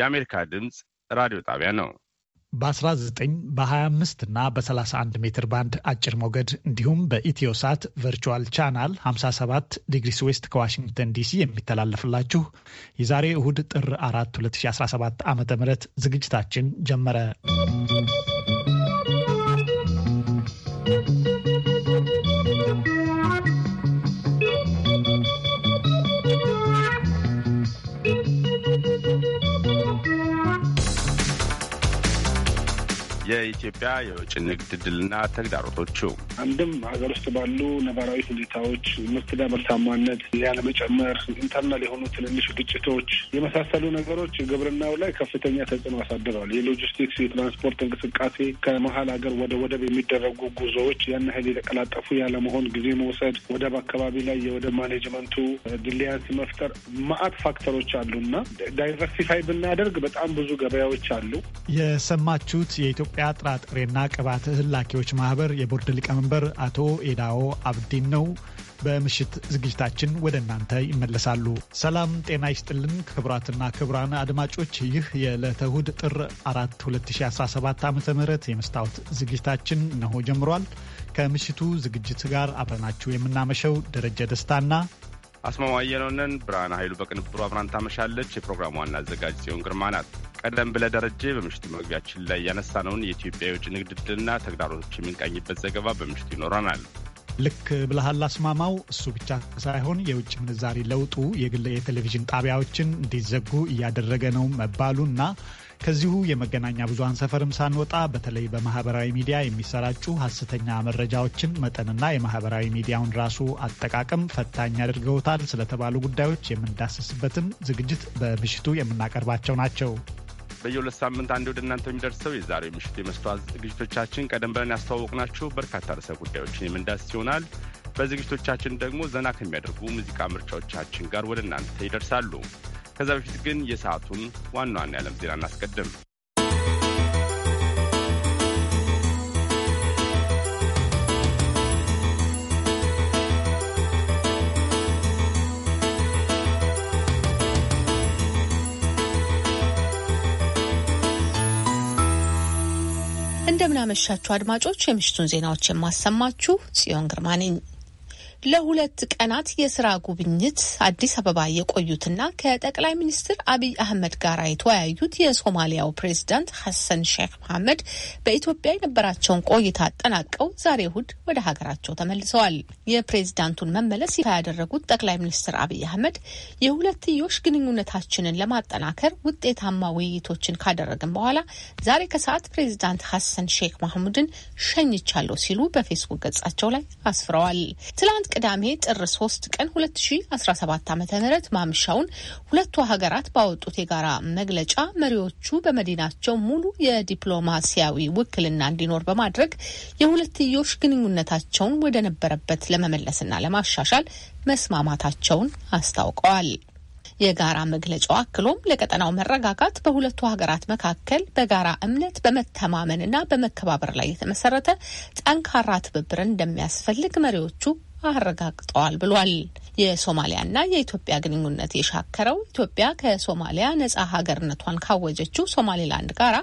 የአሜሪካ ድምፅ ራዲዮ ጣቢያ ነው። በ19 በ25 እና በ31 ሜትር ባንድ አጭር ሞገድ እንዲሁም በኢትዮ ሳት ቨርቹዋል ቻናል 57 ዲግሪስ ዌስት ከዋሽንግተን ዲሲ የሚተላለፍላችሁ የዛሬ እሁድ ጥር 4 2017 ዓ ም ዝግጅታችን ጀመረ። የኢትዮጵያ የውጭ ንግድ ድልና ተግዳሮቶቹ አንድም ሀገር ውስጥ ባሉ ነባራዊ ሁኔታዎች ምርት ጋር ምርታማነት ያለመጨመር፣ ኢንተርናል የሆኑ ትንንሽ ግጭቶች የመሳሰሉ ነገሮች ግብርናው ላይ ከፍተኛ ተጽዕኖ አሳድረዋል። የሎጂስቲክስ የትራንስፖርት እንቅስቃሴ ከመሀል ሀገር ወደ ወደብ የሚደረጉ ጉዞዎች ያን ያህል የተቀላጠፉ ያለመሆን፣ ጊዜ መውሰድ፣ ወደብ አካባቢ ላይ የወደብ ማኔጅመንቱ ድሊያንስ መፍጠር ማአት ፋክተሮች አሉና ዳይቨርሲፋይ ብናደርግ በጣም ብዙ ገበያዎች አሉ። የሰማችሁት የኢትዮጵያ ጥራጥሬና ቅባት እህል ላኪዎች ማህበር የቦርድ ሊቀመንበር አቶ ኤዳኦ አብዲን ነው። በምሽት ዝግጅታችን ወደ እናንተ ይመለሳሉ። ሰላም ጤና ይስጥልን ክቡራትና ክቡራን አድማጮች ይህ የዕለተ እሁድ ጥር 4 2017 ዓ ም የመስታወት ዝግጅታችን እነሆ ጀምሯል። ከምሽቱ ዝግጅት ጋር አብረናችሁ የምናመሸው ደረጀ ደስታና አስማማየነውን ብርሃን ኃይሉ በቅንብሩ አብራን ታመሻለች። የፕሮግራሙ ዋና አዘጋጅ ሲሆን ግርማ ናት። ቀደም ብለ ደረጀ በምሽቱ መግቢያችን ላይ ያነሳነውን የኢትዮጵያ የውጭ ንግድ ዕድልና ተግዳሮቶች የሚንቃኝበት ዘገባ በምሽቱ ይኖረናል። ልክ ብለሃል አስማማው። እሱ ብቻ ሳይሆን የውጭ ምንዛሪ ለውጡ የግል የቴሌቪዥን ጣቢያዎችን እንዲዘጉ እያደረገ ነው መባሉና ከዚሁ የመገናኛ ብዙሀን ሰፈርም ሳንወጣ በተለይ በማህበራዊ ሚዲያ የሚሰራጩ ሀሰተኛ መረጃዎችን መጠንና የማህበራዊ ሚዲያውን ራሱ አጠቃቀም ፈታኝ አድርገውታል ስለተባሉ ጉዳዮች የምንዳሰስበትም ዝግጅት በምሽቱ የምናቀርባቸው ናቸው። በየሁለት ሳምንት አንድ ወደ እናንተ የሚደርሰው የዛሬ ምሽት የመስተዋት ዝግጅቶቻችን ቀደም ብለን ያስተዋወቅናችሁ በርካታ ርዕሰ ጉዳዮችን የምንዳስስ ይሆናል። በዝግጅቶቻችን ደግሞ ዘና ከሚያደርጉ ሙዚቃ ምርጫዎቻችን ጋር ወደ እናንተ ይደርሳሉ። ከዛ በፊት ግን የሰዓቱን ዋና ዋና የዓለም ዜና እናስቀድም። እንደምናመሻችሁ አድማጮች፣ የምሽቱን ዜናዎች የማሰማችሁ ጽዮን ግርማ ነኝ። ለሁለት ቀናት የስራ ጉብኝት አዲስ አበባ የቆዩትና ከጠቅላይ ሚኒስትር አብይ አህመድ ጋር የተወያዩት የሶማሊያው ፕሬዝዳንት ሐሰን ሼክ መሐመድ በኢትዮጵያ የነበራቸውን ቆይታ አጠናቀው ዛሬ እሁድ ወደ ሀገራቸው ተመልሰዋል። የፕሬዝዳንቱን መመለስ ይፋ ያደረጉት ጠቅላይ ሚኒስትር አብይ አህመድ የሁለትዮሽ ግንኙነታችንን ለማጠናከር ውጤታማ ውይይቶችን ካደረግን በኋላ ዛሬ ከሰዓት ፕሬዝዳንት ሐሰን ሼክ መሐሙድን ሸኝቻለሁ ሲሉ በፌስቡክ ገጻቸው ላይ አስፍረዋል። ትላንት ቅዳሜ ጥር 3 ቀን 2017 ዓ ም ማምሻውን ሁለቱ ሀገራት ባወጡት የጋራ መግለጫ መሪዎቹ በመዲናቸው ሙሉ የዲፕሎማሲያዊ ውክልና እንዲኖር በማድረግ የሁለትዮሽ ግንኙነታቸውን ወደ ነበረበት ለመመለስና ለማሻሻል መስማማታቸውን አስታውቀዋል። የጋራ መግለጫው አክሎም ለቀጠናው መረጋጋት በሁለቱ ሀገራት መካከል በጋራ እምነት በመተማመንና በመከባበር ላይ የተመሰረተ ጠንካራ ትብብር እንደሚያስፈልግ መሪዎቹ አረጋግጠዋል ብሏል። የሶማሊያና የኢትዮጵያ ግንኙነት የሻከረው ኢትዮጵያ ከሶማሊያ ነጻ ሀገርነቷን ካወጀችው ሶማሌላንድ ጋራ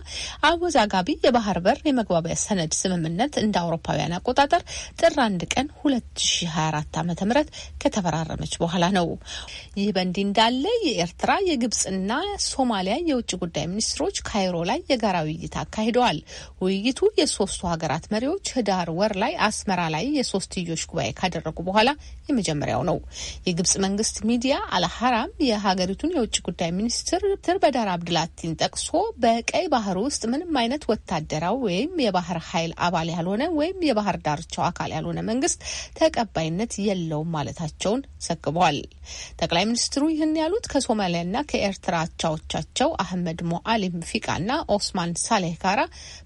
አወዛጋቢ የባህር በር የመግባቢያ ሰነድ ስምምነት እንደ አውሮፓውያን አቆጣጠር ጥር አንድ ቀን 2024 ዓ ም ከተፈራረመች በኋላ ነው። ይህ በእንዲህ እንዳለ የኤርትራ የግብጽና ሶማሊያ የውጭ ጉዳይ ሚኒስትሮች ካይሮ ላይ የጋራ ውይይት አካሂደዋል። ውይይቱ የሶስቱ ሀገራት መሪዎች ህዳር ወር ላይ አስመራ ላይ የሶስትዮሽ ጉባኤ ካደረጉ ከተደረጉ በኋላ የመጀመሪያው ነው። የግብጽ መንግስት ሚዲያ አልሀራም የሀገሪቱን የውጭ ጉዳይ ሚኒስትር በዳር አብድላቲን ጠቅሶ በቀይ ባህር ውስጥ ምንም አይነት ወታደራዊ ወይም የባህር ኃይል አባል ያልሆነ ወይም የባህር ዳርቻው አካል ያልሆነ መንግስት ተቀባይነት የለውም ማለታቸውን ዘግቧል። ጠቅላይ ሚኒስትሩ ይህን ያሉት ከሶማሊያና ከኤርትራ አቻዎቻቸው አህመድ ሞአሊም ፊቃና ኦስማን ሳሌህ ጋራ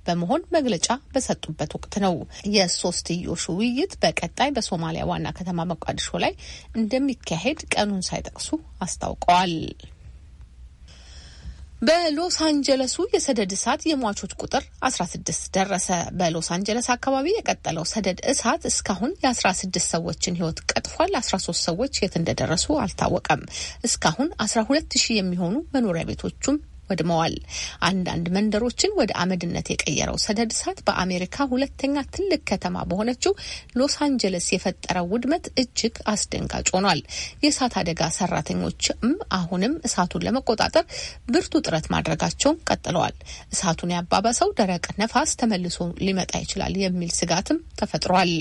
በመሆን መግለጫ በሰጡበት ወቅት ነው። የሶስትዮሹ ውይይት በቀጣይ በሶማሊያ ዋና ከተማ መቋዲሾ ላይ እንደሚካሄድ ቀኑን ሳይጠቅሱ አስታውቀዋል። በሎስ አንጀለሱ የሰደድ እሳት የሟቾች ቁጥር 16 ደረሰ። በሎስ አንጀለስ አካባቢ የቀጠለው ሰደድ እሳት እስካሁን የ16 ሰዎችን ሕይወት ቀጥፏል። 13 ሰዎች የት እንደደረሱ አልታወቀም። እስካሁን 12 ሺህ የሚሆኑ መኖሪያ ቤቶቹም ወድመዋል። አንዳንድ መንደሮችን ወደ አመድነት የቀየረው ሰደድ እሳት በአሜሪካ ሁለተኛ ትልቅ ከተማ በሆነችው ሎስ አንጀለስ የፈጠረው ውድመት እጅግ አስደንጋጭ ሆኗል። የእሳት አደጋ ሰራተኞችም አሁንም እሳቱን ለመቆጣጠር ብርቱ ጥረት ማድረጋቸውን ቀጥለዋል። እሳቱን ያባባሰው ደረቅ ነፋስ ተመልሶ ሊመጣ ይችላል የሚል ስጋትም ተፈጥሯል።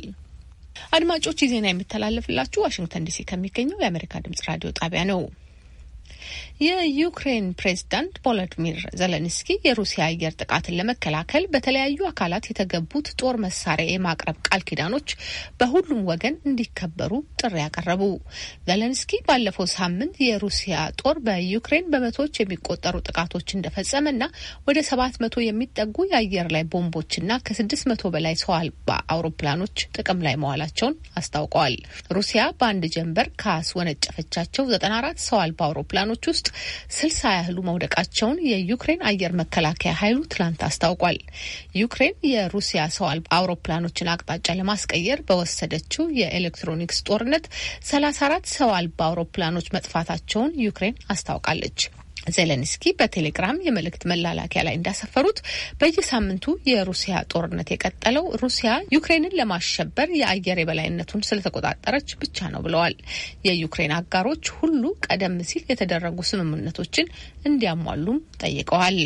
አድማጮች፣ ዜና የሚተላለፍላችሁ ዋሽንግተን ዲሲ ከሚገኘው የአሜሪካ ድምጽ ራዲዮ ጣቢያ ነው። የዩክሬን ፕሬዝዳንት ቮሎዲሚር ዘለንስኪ የሩሲያ አየር ጥቃትን ለመከላከል በተለያዩ አካላት የተገቡት ጦር መሳሪያ የማቅረብ ቃል ኪዳኖች በሁሉም ወገን እንዲከበሩ ጥሪ ያቀረቡ ዘለንስኪ ባለፈው ሳምንት የሩሲያ ጦር በዩክሬን በመቶዎች የሚቆጠሩ ጥቃቶች እንደፈጸመና ወደ ሰባት መቶ የሚጠጉ የአየር ላይ ቦምቦችና ከስድስት መቶ በላይ ሰው አልባ አውሮፕላኖች ጥቅም ላይ መዋላቸውን አስታውቀዋል። ሩሲያ በአንድ ጀንበር ካስወነጨፈቻቸው ዘጠና አራት ሰው አልባ አውሮፕላኖች ውስጥ ውስጥ ስልሳ ያህሉ መውደቃቸውን የዩክሬን አየር መከላከያ ኃይሉ ትላንት አስታውቋል። ዩክሬን የሩሲያ ሰው አልባ አውሮፕላኖችን አቅጣጫ ለማስቀየር በወሰደችው የኤሌክትሮኒክስ ጦርነት ሰላሳ አራት ሰው አልባ አውሮፕላኖች መጥፋታቸውን ዩክሬን አስታውቃለች። ዜሌንስኪ በቴሌግራም የመልእክት መላላኪያ ላይ እንዳሰፈሩት በየሳምንቱ የሩሲያ ጦርነት የቀጠለው ሩሲያ ዩክሬንን ለማሸበር የአየር የበላይነቱን ስለተቆጣጠረች ብቻ ነው ብለዋል። የዩክሬን አጋሮች ሁሉ ቀደም ሲል የተደረጉ ስምምነቶችን እንዲያሟሉም ጠይቀዋል።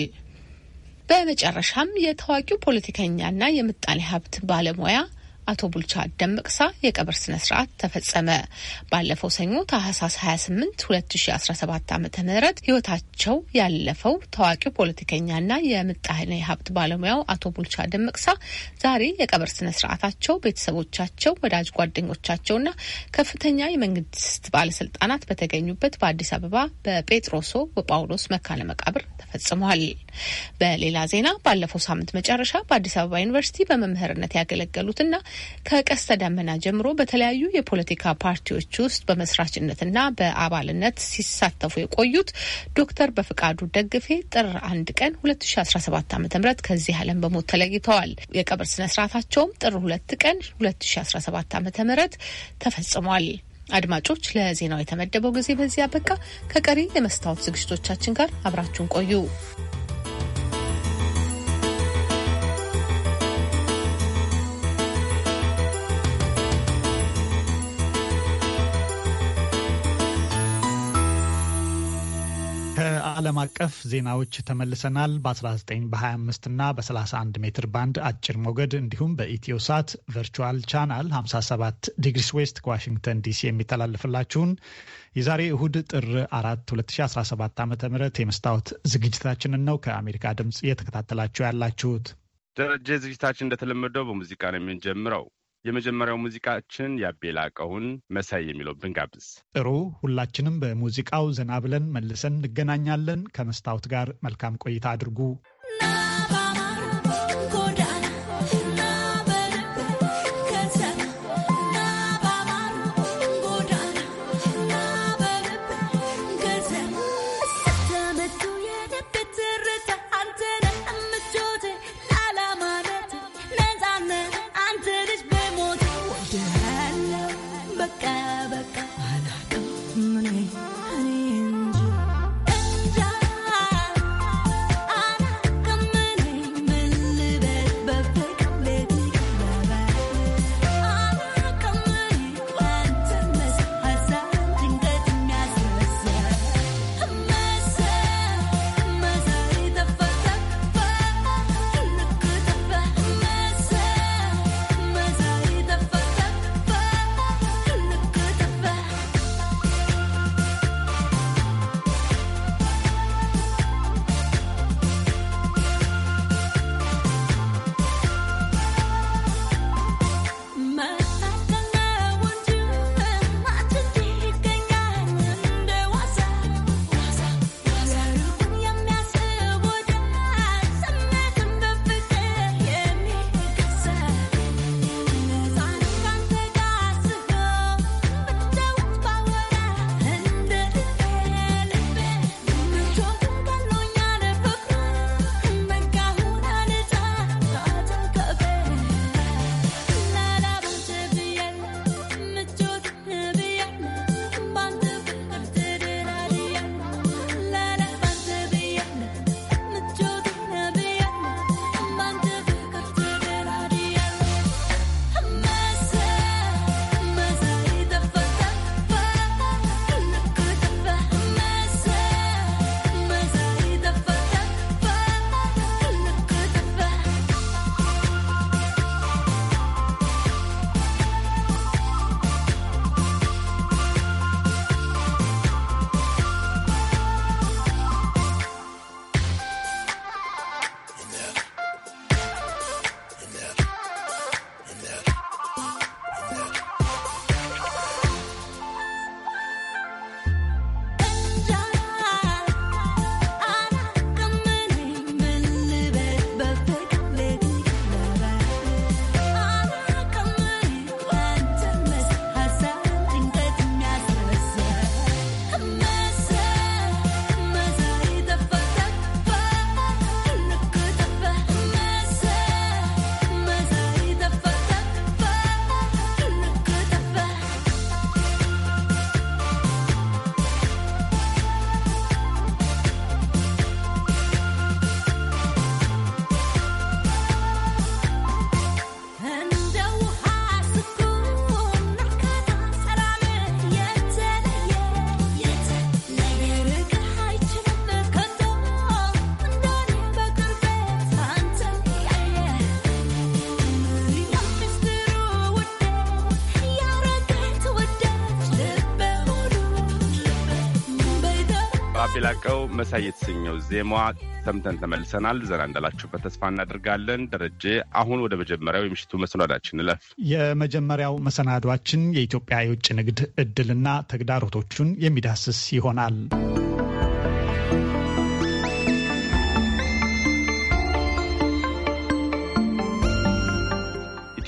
በመጨረሻም የታዋቂው ፖለቲከኛና የምጣኔ ሀብት ባለሙያ አቶ ቡልቻ ደምቅሳ የቀብር ስነ ስርዓት ተፈጸመ። ባለፈው ሰኞ ታህሳስ 28 2017 ዓ ም ህይወታቸው ያለፈው ታዋቂው ፖለቲከኛና የምጣኔ ሀብት ባለሙያው አቶ ቡልቻ ደምቅሳ ዛሬ የቀብር ስነ ስርዓታቸው ቤተሰቦቻቸው፣ ወዳጅ ጓደኞቻቸውና ከፍተኛ የመንግስት ባለስልጣናት በተገኙበት በአዲስ አበባ በጴጥሮሶ በጳውሎስ መካነ መቃብር ተፈጽሟል። በሌላ ዜና ባለፈው ሳምንት መጨረሻ በአዲስ አበባ ዩኒቨርሲቲ በመምህርነት ያገለገሉትና ከቀስተ ደመና ጀምሮ በተለያዩ የፖለቲካ ፓርቲዎች ውስጥ በመስራችነትና በአባልነት ሲሳተፉ የቆዩት ዶክተር በፍቃዱ ደግፌ ጥር አንድ ቀን 2017 ዓ ም ከዚህ ዓለም በሞት ተለይተዋል። የቀብር ስነስርዓታቸውም ጥር ሁለት ቀን 2017 ዓ ም ተፈጽሟል። አድማጮች፣ ለዜናው የተመደበው ጊዜ በዚህ አበቃ። ከቀሪ የመስታወት ዝግጅቶቻችን ጋር አብራችሁን ቆዩ። ዓለም አቀፍ ዜናዎች ተመልሰናል። በ19 በ25 እና በ31 ሜትር ባንድ አጭር ሞገድ እንዲሁም በኢትዮ ሳት ቨርቹዋል ቻናል 57 ዲግሪስ ዌስት ከዋሽንግተን ዲሲ የሚተላለፍላችሁን የዛሬ እሁድ ጥር 4 2017 ዓ ም የመስታወት ዝግጅታችንን ነው ከአሜሪካ ድምፅ እየተከታተላችሁ ያላችሁት። ደረጀ፣ ዝግጅታችን እንደተለመደው በሙዚቃ ነው የምንጀምረው። የመጀመሪያው ሙዚቃችን ያቤላቀውን መሳይ የሚለው ብንጋብዝ ጥሩ። ሁላችንም በሙዚቃው ዘና ብለን መልሰን እንገናኛለን። ከመስታወት ጋር መልካም ቆይታ አድርጉ። መሳይ የተሰኘው ዜማ ሰምተን ተመልሰናል። ዘና እንዳላችሁበት ተስፋ እናደርጋለን። ደረጀ፣ አሁን ወደ መጀመሪያው የምሽቱ መሰናዷችን እለፍ። የመጀመሪያው መሰናዷችን የኢትዮጵያ የውጭ ንግድ እድልና ተግዳሮቶቹን የሚዳስስ ይሆናል።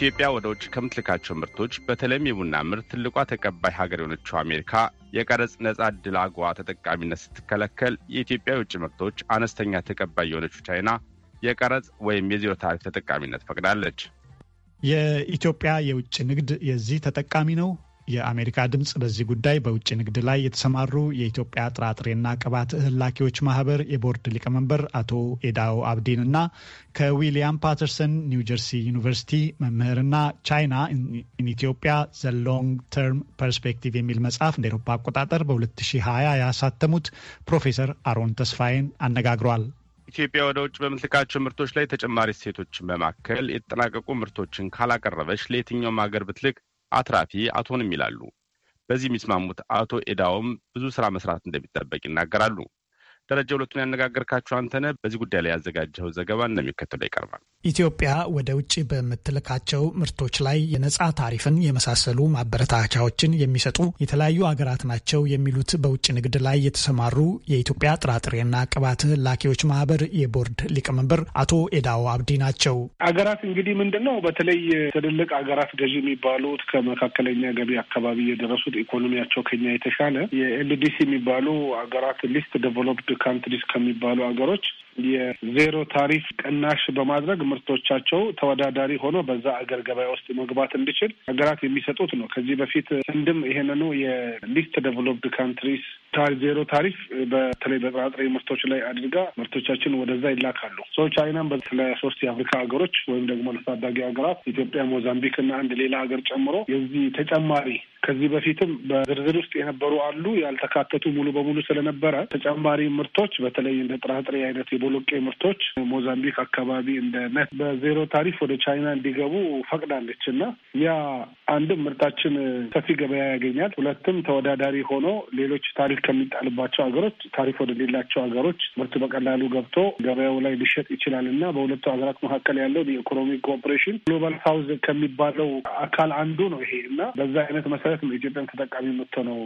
ኢትዮጵያ ወደ ውጭ ከምትልካቸው ምርቶች በተለይም የቡና ምርት ትልቋ ተቀባይ ሀገር የሆነችው አሜሪካ የቀረጽ ነጻ ድል አጎዋ ተጠቃሚነት ስትከለከል የኢትዮጵያ የውጭ ምርቶች አነስተኛ ተቀባይ የሆነችው ቻይና የቀረጽ ወይም የዜሮ ታሪፍ ተጠቃሚነት ፈቅዳለች። የኢትዮጵያ የውጭ ንግድ የዚህ ተጠቃሚ ነው። የአሜሪካ ድምፅ በዚህ ጉዳይ በውጭ ንግድ ላይ የተሰማሩ የኢትዮጵያ ጥራጥሬና ቅባት እህል ላኪዎች ማህበር የቦርድ ሊቀመንበር አቶ ኤዳው አብዲን እና ከዊሊያም ፓተርሰን ኒው ጀርሲ ዩኒቨርሲቲ መምህርና ቻይና ኢን ኢትዮጵያ ዘ ሎንግ ተርም ፐርስፔክቲቭ የሚል መጽሐፍ እንደ ኤሮፓ አቆጣጠር በ2020 ያሳተሙት ፕሮፌሰር አሮን ተስፋዬን አነጋግሯል። ኢትዮጵያ ወደ ውጭ በምትልካቸው ምርቶች ላይ ተጨማሪ እሴቶችን በማከል የተጠናቀቁ ምርቶችን ካላቀረበች ለየትኛውም ሀገር ብትልክ አትራፊ አትሆንም ይላሉ። በዚህ የሚስማሙት አቶ ኤዳውም ብዙ ስራ መስራት እንደሚጠበቅ ይናገራሉ። ደረጃ ሁለቱን ያነጋገርካቸው አንተነ በዚህ ጉዳይ ላይ ያዘጋጀው ዘገባ እንደሚከተለው ይቀርባል። ኢትዮጵያ ወደ ውጭ በምትልካቸው ምርቶች ላይ የነጻ ታሪፍን የመሳሰሉ ማበረታቻዎችን የሚሰጡ የተለያዩ አገራት ናቸው የሚሉት በውጭ ንግድ ላይ የተሰማሩ የኢትዮጵያ ጥራጥሬና ቅባት ላኪዎች ማህበር የቦርድ ሊቀመንበር አቶ ኤዳው አብዲ ናቸው። አገራት እንግዲህ ምንድን ነው በተለይ ትልልቅ አገራት ገዢ የሚባሉት ከመካከለኛ ገቢ አካባቢ የደረሱት ኢኮኖሚያቸው ከኛ የተሻለ የኤልዲሲ የሚባሉ አገራት ሊስት ዴቨሎፕድ ካንትሪስ ከሚባሉ ሀገሮች የዜሮ ታሪፍ ቅናሽ በማድረግ ምርቶቻቸው ተወዳዳሪ ሆኖ በዛ አገር ገበያ ውስጥ መግባት እንዲችል ሀገራት የሚሰጡት ነው። ከዚህ በፊት ህንድም ይሄንኑ የሊስት ዴቨሎፕድ ካንትሪስ ዜሮ ታሪፍ በተለይ በጥራጥሬ ምርቶች ላይ አድርጋ ምርቶቻችን ወደዛ ይላካሉ። ሰው ቻይናም ሶስት የአፍሪካ ሀገሮች ወይም ደግሞ ለታዳጊ ሀገራት ኢትዮጵያ፣ ሞዛምቢክ እና አንድ ሌላ ሀገር ጨምሮ የዚህ ተጨማሪ ከዚህ በፊትም በዝርዝር ውስጥ የነበሩ አሉ ያልተካተቱ ሙሉ በሙሉ ስለነበረ ተጨማሪ ምርት ምርቶች በተለይ እንደ ጥራጥሬ አይነት የቦሎቄ ምርቶች ሞዛምቢክ አካባቢ እንደ ነት በዜሮ ታሪፍ ወደ ቻይና እንዲገቡ ፈቅዳለች እና ያ አንድም ምርታችን ሰፊ ገበያ ያገኛል፣ ሁለትም ተወዳዳሪ ሆኖ ሌሎች ታሪፍ ከሚጣልባቸው ሀገሮች ታሪፍ ወደሌላቸው ሀገሮች ምርት በቀላሉ ገብቶ ገበያው ላይ ሊሸጥ ይችላል እና በሁለቱ ሀገራት መካከል ያለው የኢኮኖሚ ኮኦፕሬሽን ግሎባል ሳውዝ ከሚባለው አካል አንዱ ነው ይሄ እና በዛ አይነት መሰረት ነው ኢትዮጵያም ተጠቃሚ ነው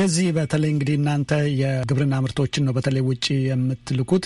የዚህ በተለይ እንግዲህ እናንተ የግብርና ምርቶችን ነው በተለይ ከሶማሌ ውጭ የምትልኩት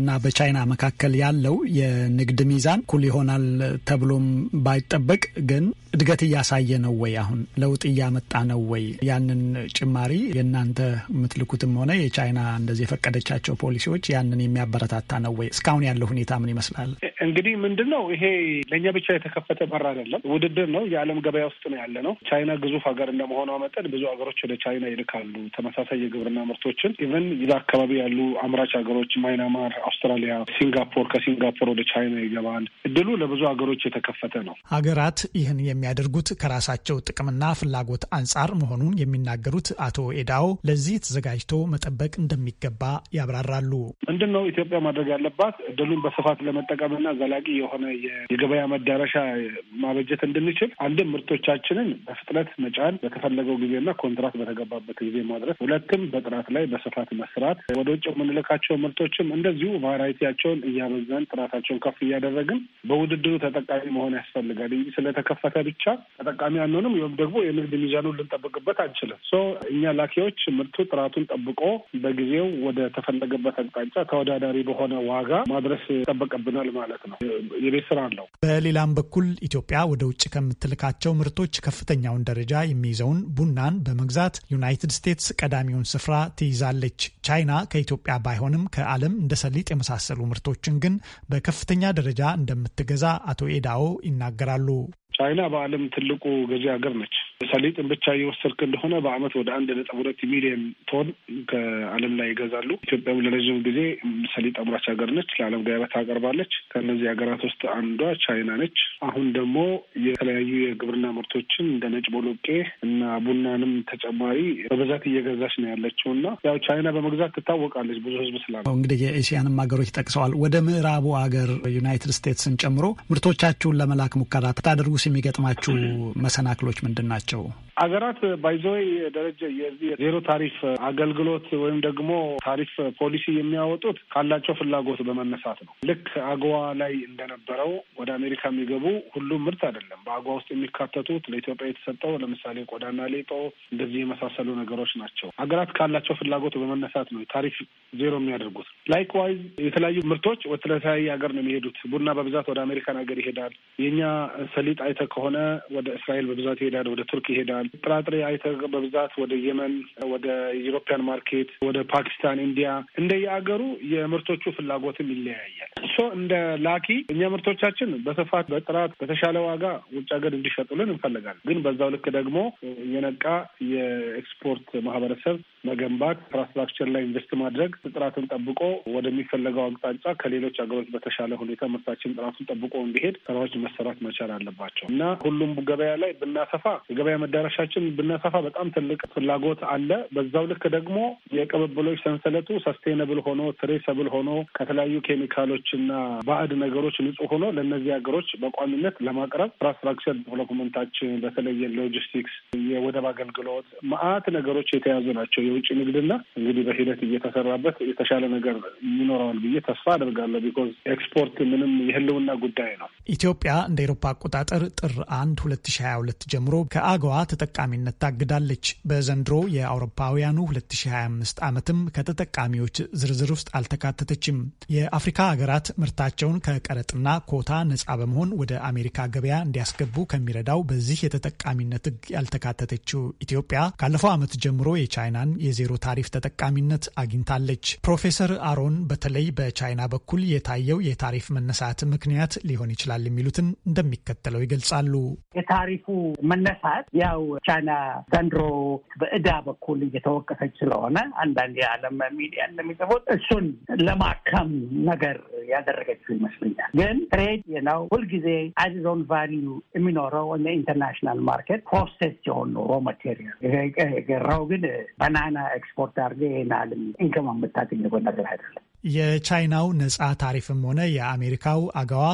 እና በቻይና መካከል ያለው የንግድ ሚዛን እኩል ይሆናል ተብሎም ባይጠበቅ ግን እድገት እያሳየ ነው ወይ? አሁን ለውጥ እያመጣ ነው ወይ? ያንን ጭማሪ የእናንተ የምትልኩትም ሆነ የቻይና እንደዚህ የፈቀደቻቸው ፖሊሲዎች ያንን የሚያበረታታ ነው ወይ? እስካሁን ያለው ሁኔታ ምን ይመስላል? እንግዲህ ምንድን ነው ይሄ ለእኛ ብቻ የተከፈተ በር አይደለም። ውድድር ነው። የዓለም ገበያ ውስጥ ነው ያለ ነው። ቻይና ግዙፍ ሀገር እንደመሆኗ መጠን ብዙ ሀገሮች ወደ ቻይና ይልካሉ ተመሳሳይ የግብርና ምርቶችን። ኢቨን ይዛ አካባቢ ያሉ አምራች ሀገሮች ማይናማር፣ አውስትራሊያ፣ ሲንጋፖር፣ ከሲንጋፖር ወደ ቻይና ይገባል። እድሉ ለብዙ ሀገሮች የተከፈተ ነው። ሀገራት ይህን የሚያደርጉት ከራሳቸው ጥቅምና ፍላጎት አንጻር መሆኑን የሚናገሩት አቶ ኤዳው ለዚህ ተዘጋጅቶ መጠበቅ እንደሚገባ ያብራራሉ። ምንድን ነው ኢትዮጵያ ማድረግ ያለባት እድሉን በስፋት ለመጠቀምና ዘላቂ የሆነ የገበያ መዳረሻ ማበጀት እንድንችል አንድም ምርቶቻችንን በፍጥነት መጫን በተፈለገው ጊዜና ኮንትራት በተገባበት ጊዜ ማድረስ፣ ሁለትም በጥራት ላይ በስፋት መስራት፣ ወደ ውጭ የምንልካቸው ምርቶችም እንደዚሁ ቫራይቲያቸውን እያበዛን ጥራታቸውን ከፍ እያደረግን በውድድሩ ተጠቃሚ መሆን ያስፈልጋል ስለተከፈተ ብቻ ተጠቃሚ አንሆንም ወይም ደግሞ የንግድ ሚዛኑን ልንጠብቅበት አንችልም። ሶ እኛ ላኪዎች ምርቱ ጥራቱን ጠብቆ በጊዜው ወደ ተፈለገበት አቅጣጫ ተወዳዳሪ በሆነ ዋጋ ማድረስ ይጠበቅብናል ማለት ነው። ማለት ነው። የቤት ስራ አለው። በሌላም በኩል ኢትዮጵያ ወደ ውጭ ከምትልካቸው ምርቶች ከፍተኛውን ደረጃ የሚይዘውን ቡናን በመግዛት ዩናይትድ ስቴትስ ቀዳሚውን ስፍራ ትይዛለች። ቻይና ከኢትዮጵያ ባይሆንም ከዓለም እንደ ሰሊጥ የመሳሰሉ ምርቶችን ግን በከፍተኛ ደረጃ እንደምትገዛ አቶ ኤዳኦ ይናገራሉ። ቻይና በዓለም ትልቁ ገዢ ሀገር ነች። ሰሊጥን ብቻ እየወሰድክ እንደሆነ በአመት ወደ አንድ ነጥብ ሁለት ሚሊዮን ቶን ከዓለም ላይ ይገዛሉ። ኢትዮጵያም ለረዥም ጊዜ ሰሊጥ አምራች ሀገር ነች፣ ለዓለም ገበያ ታቀርባለች። ከእነዚህ ሀገራት ውስጥ አንዷ ቻይና ነች። አሁን ደግሞ የተለያዩ የግብርና ምርቶችን እንደ ነጭ ቦሎቄ እና ቡናንም ተጨማሪ በብዛት እየገዛች ነው ያለችው እና ያው ቻይና በመግዛት ትታወቃለች ብዙ ህዝብ ስላለ እንግዲህ የኤሽያንም ሀገሮች ጠቅሰዋል። ወደ ምዕራቡ ሀገር ዩናይትድ ስቴትስን ጨምሮ ምርቶቻችሁን ለመላክ ሙከራ ታደርጉስ የሚገጥማችሁ መሰናክሎች ምንድን ናቸው? ናቸው? አገራት ባይዘወይ ደረጀ የዚህ ዜሮ ታሪፍ አገልግሎት ወይም ደግሞ ታሪፍ ፖሊሲ የሚያወጡት ካላቸው ፍላጎት በመነሳት ነው። ልክ አግዋ ላይ እንደነበረው ወደ አሜሪካ የሚገቡ ሁሉም ምርት አይደለም። በአግዋ ውስጥ የሚካተቱት ለኢትዮጵያ የተሰጠው ለምሳሌ ቆዳና ሌጦ እንደዚህ የመሳሰሉ ነገሮች ናቸው። አገራት ካላቸው ፍላጎት በመነሳት ነው ታሪፍ ዜሮ የሚያደርጉት። ላይክዋይዝ የተለያዩ ምርቶች ወደ ተለያየ ሀገር ነው የሚሄዱት። ቡና በብዛት ወደ አሜሪካን ሀገር ይሄዳል። የእኛ ሰሊጥ አይተህ ከሆነ ወደ እስራኤል በብዛት ይሄዳል። ወደ ቱርክ ይሄዳል። ጥራጥሬ አይተ በብዛት ወደ የመን፣ ወደ ዩሮፒያን ማርኬት፣ ወደ ፓኪስታን፣ ኢንዲያ የአገሩ የምርቶቹ ፍላጎትም ይለያያል። እሶ እንደ ላኪ እኛ ምርቶቻችን በስፋት በጥራት በተሻለ ዋጋ ውጭ ሀገር እንዲሸጡልን እንፈልጋለን። ግን በዛው ልክ ደግሞ የነቃ የኤክስፖርት ማህበረሰብ መገንባት፣ ኢንፍራስትራክቸር ላይ ኢንቨስት ማድረግ፣ ጥራትን ጠብቆ ወደሚፈለገው አቅጣጫ ከሌሎች ሀገሮች በተሻለ ሁኔታ ምርታችን ጥራቱን ጠብቆ እንዲሄድ ስራዎች መሰራት መቻል አለባቸው እና ሁሉም ገበያ ላይ ብናሰፋ የገበያ መዳረሻችን ብናሰፋ በጣም ትልቅ ፍላጎት አለ። በዛው ልክ ደግሞ የቅብብሎች ሰንሰለቱ ሰስቴነብል ሆኖ ትሬሰብል ሆኖ ከተለያዩ ኬሚካሎች እና ባዕድ ነገሮች ንጹህ ሆኖ ለእነዚህ ሀገሮች በቋሚነት ለማቅረብ ኢንፍራስትራክቸር ዴቨሎፕመንታችን በተለይ ሎጂስቲክስ፣ የወደብ አገልግሎት ማአት ነገሮች የተያዙ ናቸው። የውጭ ንግድና እንግዲህ በሂደት እየተሰራበት የተሻለ ነገር ይኖረዋል ብዬ ተስፋ አደርጋለሁ። ቢኮዝ ኤክስፖርት ምንም የህልውና ጉዳይ ነው። ኢትዮጵያ እንደ ኤሮፓ አቆጣጠር ጥር አንድ ሁለት ሺ ሀያ ሁለት ጀምሮ ከአ ዋጋዋ ተጠቃሚነት ታግዳለች። በዘንድሮ የአውሮፓውያኑ 2025 ዓመትም ከተጠቃሚዎች ዝርዝር ውስጥ አልተካተተችም። የአፍሪካ ሀገራት ምርታቸውን ከቀረጥና ኮታ ነፃ በመሆን ወደ አሜሪካ ገበያ እንዲያስገቡ ከሚረዳው በዚህ የተጠቃሚነት ሕግ ያልተካተተችው ኢትዮጵያ ካለፈው ዓመት ጀምሮ የቻይናን የዜሮ ታሪፍ ተጠቃሚነት አግኝታለች። ፕሮፌሰር አሮን በተለይ በቻይና በኩል የታየው የታሪፍ መነሳት ምክንያት ሊሆን ይችላል የሚሉትን እንደሚከተለው ይገልጻሉ። የታሪፉ መነሳት ያው ቻይና ዘንድሮ በእዳ በኩል እየተወቀሰች ስለሆነ አንዳንድ የዓለም ሚዲያ እንደሚጽፉት እሱን ለማከም ነገር ያደረገችው ይመስለኛል። ግን ትሬድ ነው ሁልጊዜ አዚዞን ቫሊዩ የሚኖረው እ ኢንተርናሽናል ማርኬት ፕሮሴስ የሆኑ ሮ ማቴሪያል የገራው ግን በናና ኤክስፖርት አድርገህ ይህን ዓለም ኢንከም የምታገኝበት ነገር አይደለም። የቻይናው ነጻ ታሪፍም ሆነ የአሜሪካው አገዋ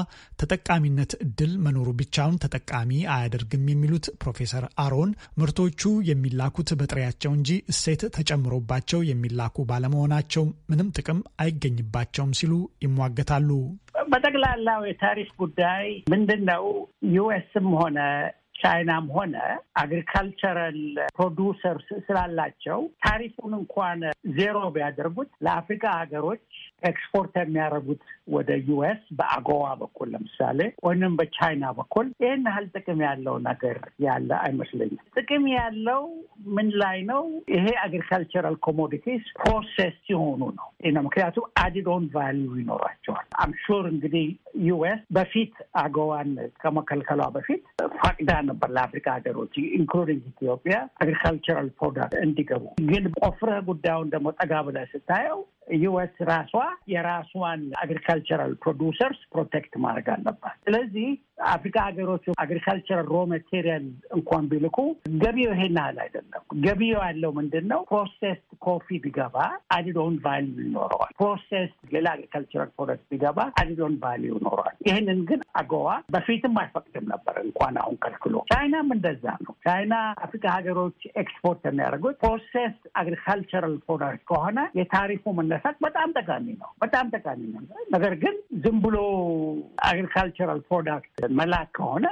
ተጠቃሚነት እድል መኖሩ ብቻውን ተጠቃሚ አያደርግም የሚሉት ፕሮፌሰር አሮን ምርቶቹ የሚላኩት በጥሬያቸው እንጂ እሴት ተጨምሮባቸው የሚላኩ ባለመሆናቸው ምንም ጥቅም አይገኝባቸውም ሲሉ ይሟገታሉ። በጠቅላላው የታሪፍ ጉዳይ ምንድን ነው? ዩኤስም ሆነ ቻይናም ሆነ አግሪካልቸራል ፕሮዲውሰርስ ስላላቸው ታሪፉን እንኳን ዜሮ ቢያደርጉት ለአፍሪካ ሀገሮች ኤክስፖርት የሚያደርጉት ወደ ዩኤስ በአጎዋ በኩል ለምሳሌ ወይም በቻይና በኩል ይህን ያህል ጥቅም ያለው ነገር ያለ አይመስለኝም። ጥቅም ያለው ምን ላይ ነው? ይሄ አግሪካልቸራል ኮሞዲቲስ ፕሮሴስ ሲሆኑ ነው ነው። ምክንያቱም አዲዶን ቫሊዩ ይኖራቸዋል። አምሹር እንግዲህ ዩኤስ በፊት አጎዋን ከመከልከሏ በፊት ፈቅዳ ነበር ለአፍሪካ ሀገሮች ኢንክሉዲንግ ኢትዮጵያ አግሪካልቸራል ፕሮዳክት እንዲገቡ። ግን ቆፍረህ ጉዳዩን ደግሞ ጠጋ ብለህ ስታየው ዩኤስ ራሷ የራሷን አግሪካ አግሪካልቸራል ፕሮዲውሰርስ ፕሮቴክት ማድረግ አለባት። ስለዚህ አፍሪካ ሀገሮች አግሪካልቸራል ሮ ማቴሪያል እንኳን ቢልኩ ገቢው ይሄን ያህል አይደለም። ገቢው ያለው ምንድን ነው? ፕሮሴስድ ኮፊ ቢገባ አዲዶን ቫሊዩ ይኖረዋል። ፕሮሴስድ ሌላ አግሪካልቸራል ፕሮደክት ቢገባ አዲዶን ቫሊዩ ይኖረዋል። ይህንን ግን አገዋ በፊትም አይፈቅድም ነበር እንኳን አሁን ከልክሎ። ቻይናም እንደዛ ነው። ቻይና አፍሪካ ሀገሮች ኤክስፖርት የሚያደርጉት ፕሮሴስድ አግሪካልቸራል ፕሮዳክት ከሆነ የታሪፉ መነሳት በጣም ጠቃሚ ነው። በጣም ጠቃሚ ነው። ነገር ግን ዝም ብሎ አግሪካልቸራል ፕሮዳክት መላክ ከሆነ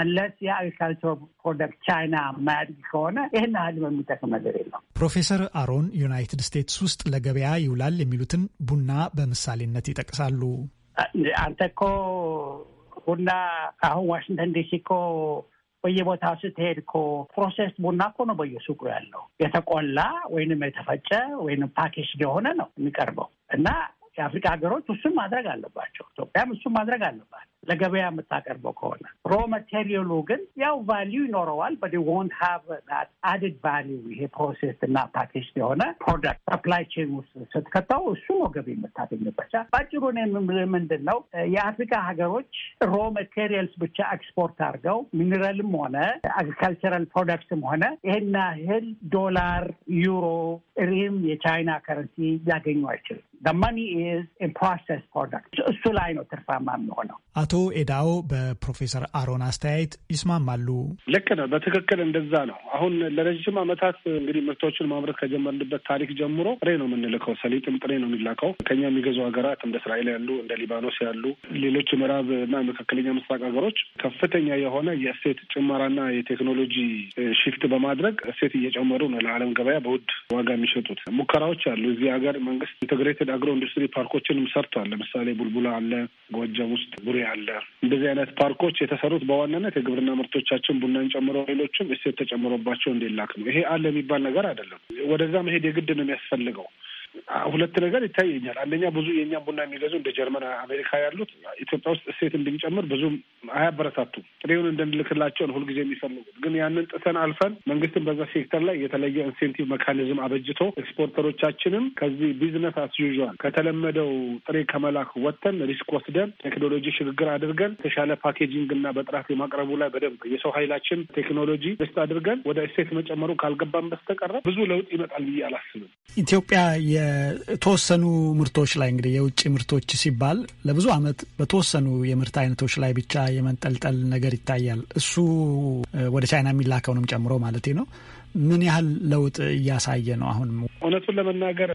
አንለስ የአግሪካልቸር ፕሮዳክት ቻይና ማያድግ ከሆነ ይህን ያህል የሚጠቅም ነገር የለውም። ፕሮፌሰር አሮን ዩናይትድ ስቴትስ ውስጥ ለገበያ ይውላል የሚሉትን ቡና በምሳሌነት ይጠቅሳሉ። አንተ እኮ ቡና አሁን ዋሽንግተን ዲሲ እኮ በየቦታው ስትሄድ እኮ ፕሮሴስ ቡና እኮ ነው በየሱቁ ያለው የተቆላ ወይንም የተፈጨ ወይንም ፓኬጅ የሆነ ነው የሚቀርበው እና የአፍሪካ ሀገሮች እሱም ማድረግ አለባቸው። ኢትዮጵያም እሱም ማድረግ አለባት። ለገበያ የምታቀርበው ከሆነ ሮ ማቴሪያሉ ግን ያው ቫሊዩ ይኖረዋል በ ወንት ሃቭ አድድ ቫሊዩ ይሄ ፕሮሴስ እና ፓኬጅ የሆነ ፕሮዳክት ሰፕላይ ቼን ውስጥ ስትከታው እሱ ነው ገቢ የምታገኝበት። በአጭሩ ምንድን ነው የአፍሪካ ሀገሮች ሮ ማቴሪያልስ ብቻ ኤክስፖርት አድርገው ሚኒራልም ሆነ አግሪካልቸራል ፕሮዳክትም ሆነ ይህን ያህል ዶላር፣ ዩሮ ሪም የቻይና ከረንሲ ሊያገኙ አይችልም። ማኒ ኢዝ ፕሮሰስ ፕሮዳክት እሱ ላይ ነው ትርፋማ የሚሆነው። አቶ ኤዳው በፕሮፌሰር አሮን አስተያየት ይስማማሉ። ልክ ነው፣ በትክክል እንደዛ ነው። አሁን ለረዥም ዓመታት እንግዲህ ምርቶችን ማምረት ከጀመርንበት ታሪክ ጀምሮ ጥሬ ነው የምንልከው። ሰሊጥም ጥሬ ነው የሚላከው። ከኛ የሚገዙ ሀገራት እንደ እስራኤል ያሉ፣ እንደ ሊባኖስ ያሉ፣ ሌሎች ምዕራብ እና መካከለኛ ምስራቅ ሀገሮች ከፍተኛ የሆነ የእሴት ጭመራና የቴክኖሎጂ ሽፍት በማድረግ እሴት እየጨመሩ ነው ለዓለም ገበያ በውድ ዋጋ የሚሸጡት። ሙከራዎች አሉ። እዚህ ሀገር መንግስት ኢንቴግሬትድ አግሮ ኢንዱስትሪ ፓርኮችንም ሰርቷል። ለምሳሌ ቡልቡላ አለ፣ ጎጃም ውስጥ ቡሬ አለ አለ። እንደዚህ አይነት ፓርኮች የተሰሩት በዋናነት የግብርና ምርቶቻችን ቡናን ጨምሮ ሌሎችም እሴት ተጨምሮባቸው እንዲላክ ነው። ይሄ አለ የሚባል ነገር አይደለም። ወደዛ መሄድ የግድ ነው የሚያስፈልገው። ሁለት ነገር ይታየኛል። አንደኛ ብዙ የእኛም ቡና የሚገዙ እንደ ጀርመን፣ አሜሪካ ያሉት ኢትዮጵያ ውስጥ እሴት እንድንጨምር ብዙም አያበረታቱም። ጥሬውን እንድንልክላቸውን ነው ሁልጊዜ የሚፈልጉት። ግን ያንን ጥሰን አልፈን መንግስትን በዛ ሴክተር ላይ የተለየ ኢንሴንቲቭ መካኒዝም አበጅቶ ኤክስፖርተሮቻችንም ከዚህ ቢዝነስ አስ ዩዥዋል ከተለመደው ጥሬ ከመላክ ወጥተን ሪስክ ወስደን ቴክኖሎጂ ሽግግር አድርገን የተሻለ ፓኬጂንግ እና በጥራት የማቅረቡ ላይ በደንብ የሰው ኃይላችን ቴክኖሎጂ ደስት አድርገን ወደ እሴት መጨመሩ ካልገባን በስተቀረ ብዙ ለውጥ ይመጣል ብዬ አላስብም። ኢትዮጵያ የተወሰኑ ምርቶች ላይ እንግዲህ የውጭ ምርቶች ሲባል ለብዙ ዓመት በተወሰኑ የምርት አይነቶች ላይ ብቻ የመንጠልጠል ነገር ይታያል። እሱ ወደ ቻይና የሚላከውንም ጨምሮ ማለት ነው። ምን ያህል ለውጥ እያሳየ ነው? አሁን እውነቱን ለመናገር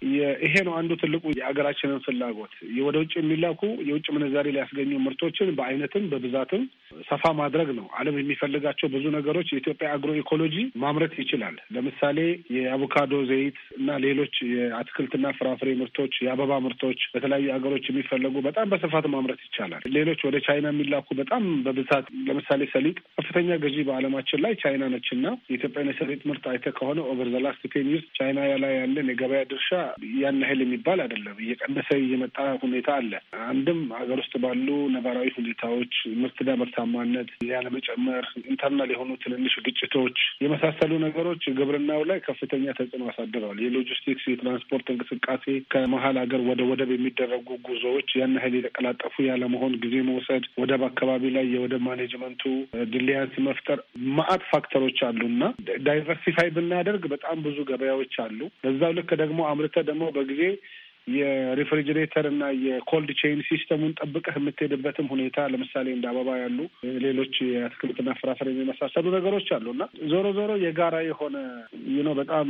ይሄ ነው አንዱ ትልቁ የአገራችንን ፍላጎት ወደ ውጭ የሚላኩ የውጭ ምንዛሪ ሊያስገኙ ምርቶችን በአይነትም በብዛትም ሰፋ ማድረግ ነው። ዓለም የሚፈልጋቸው ብዙ ነገሮች የኢትዮጵያ አግሮ ኢኮሎጂ ማምረት ይችላል። ለምሳሌ የአቮካዶ ዘይት እና ሌሎች የአትክልትና ፍራፍሬ ምርቶች፣ የአበባ ምርቶች በተለያዩ አገሮች የሚፈለጉ በጣም በስፋት ማምረት ይቻላል። ሌሎች ወደ ቻይና የሚላኩ በጣም በብዛት ለምሳሌ ሰሊጥ ከፍተኛ ገዢ በዓለማችን ላይ ቻይና ነች እና የኢትዮጵያን የሰሊጥ ምርት አይተህ ከሆነ ኦቨር ዘ ላስት ቴን ይርስ ቻይና ላይ ያለን የገበያ ድርሻ ያን ያህል የሚባል አይደለም። እየቀነሰ እየመጣ ሁኔታ አለ። አንድም ሀገር ውስጥ ባሉ ነባራዊ ሁኔታዎች ምርትና ምርታማነት ያለመጨመር፣ ኢንተርናል የሆኑ ትንንሽ ግጭቶች የመሳሰሉ ነገሮች ግብርናው ላይ ከፍተኛ ተጽዕኖ አሳድረዋል። የሎጂስቲክስ የትራንስፖርት እንቅስቃሴ ከመሀል ሀገር ወደ ወደብ የሚደረጉ ጉዞዎች ያን ያህል የተቀላጠፉ ያለመሆን፣ ጊዜ መውሰድ፣ ወደብ አካባቢ ላይ የወደብ ማኔጅመንቱ ድሊያንስ መፍጠር፣ ማአት ፋክተሮች አሉ እና አይደንቲፋይ ብናደርግ በጣም ብዙ ገበያዎች አሉ። በዛው ልክ ደግሞ አምርተ ደግሞ በጊዜ የሪፍሪጅሬተር እና የኮልድ ቼይን ሲስተሙን ጠብቀህ የምትሄድበትም ሁኔታ ለምሳሌ እንደ አበባ ያሉ ሌሎች የአትክልትና ፍራፍሬ የሚመሳሰሉ ነገሮች አሉ እና ዞሮ ዞሮ የጋራ የሆነ ነው በጣም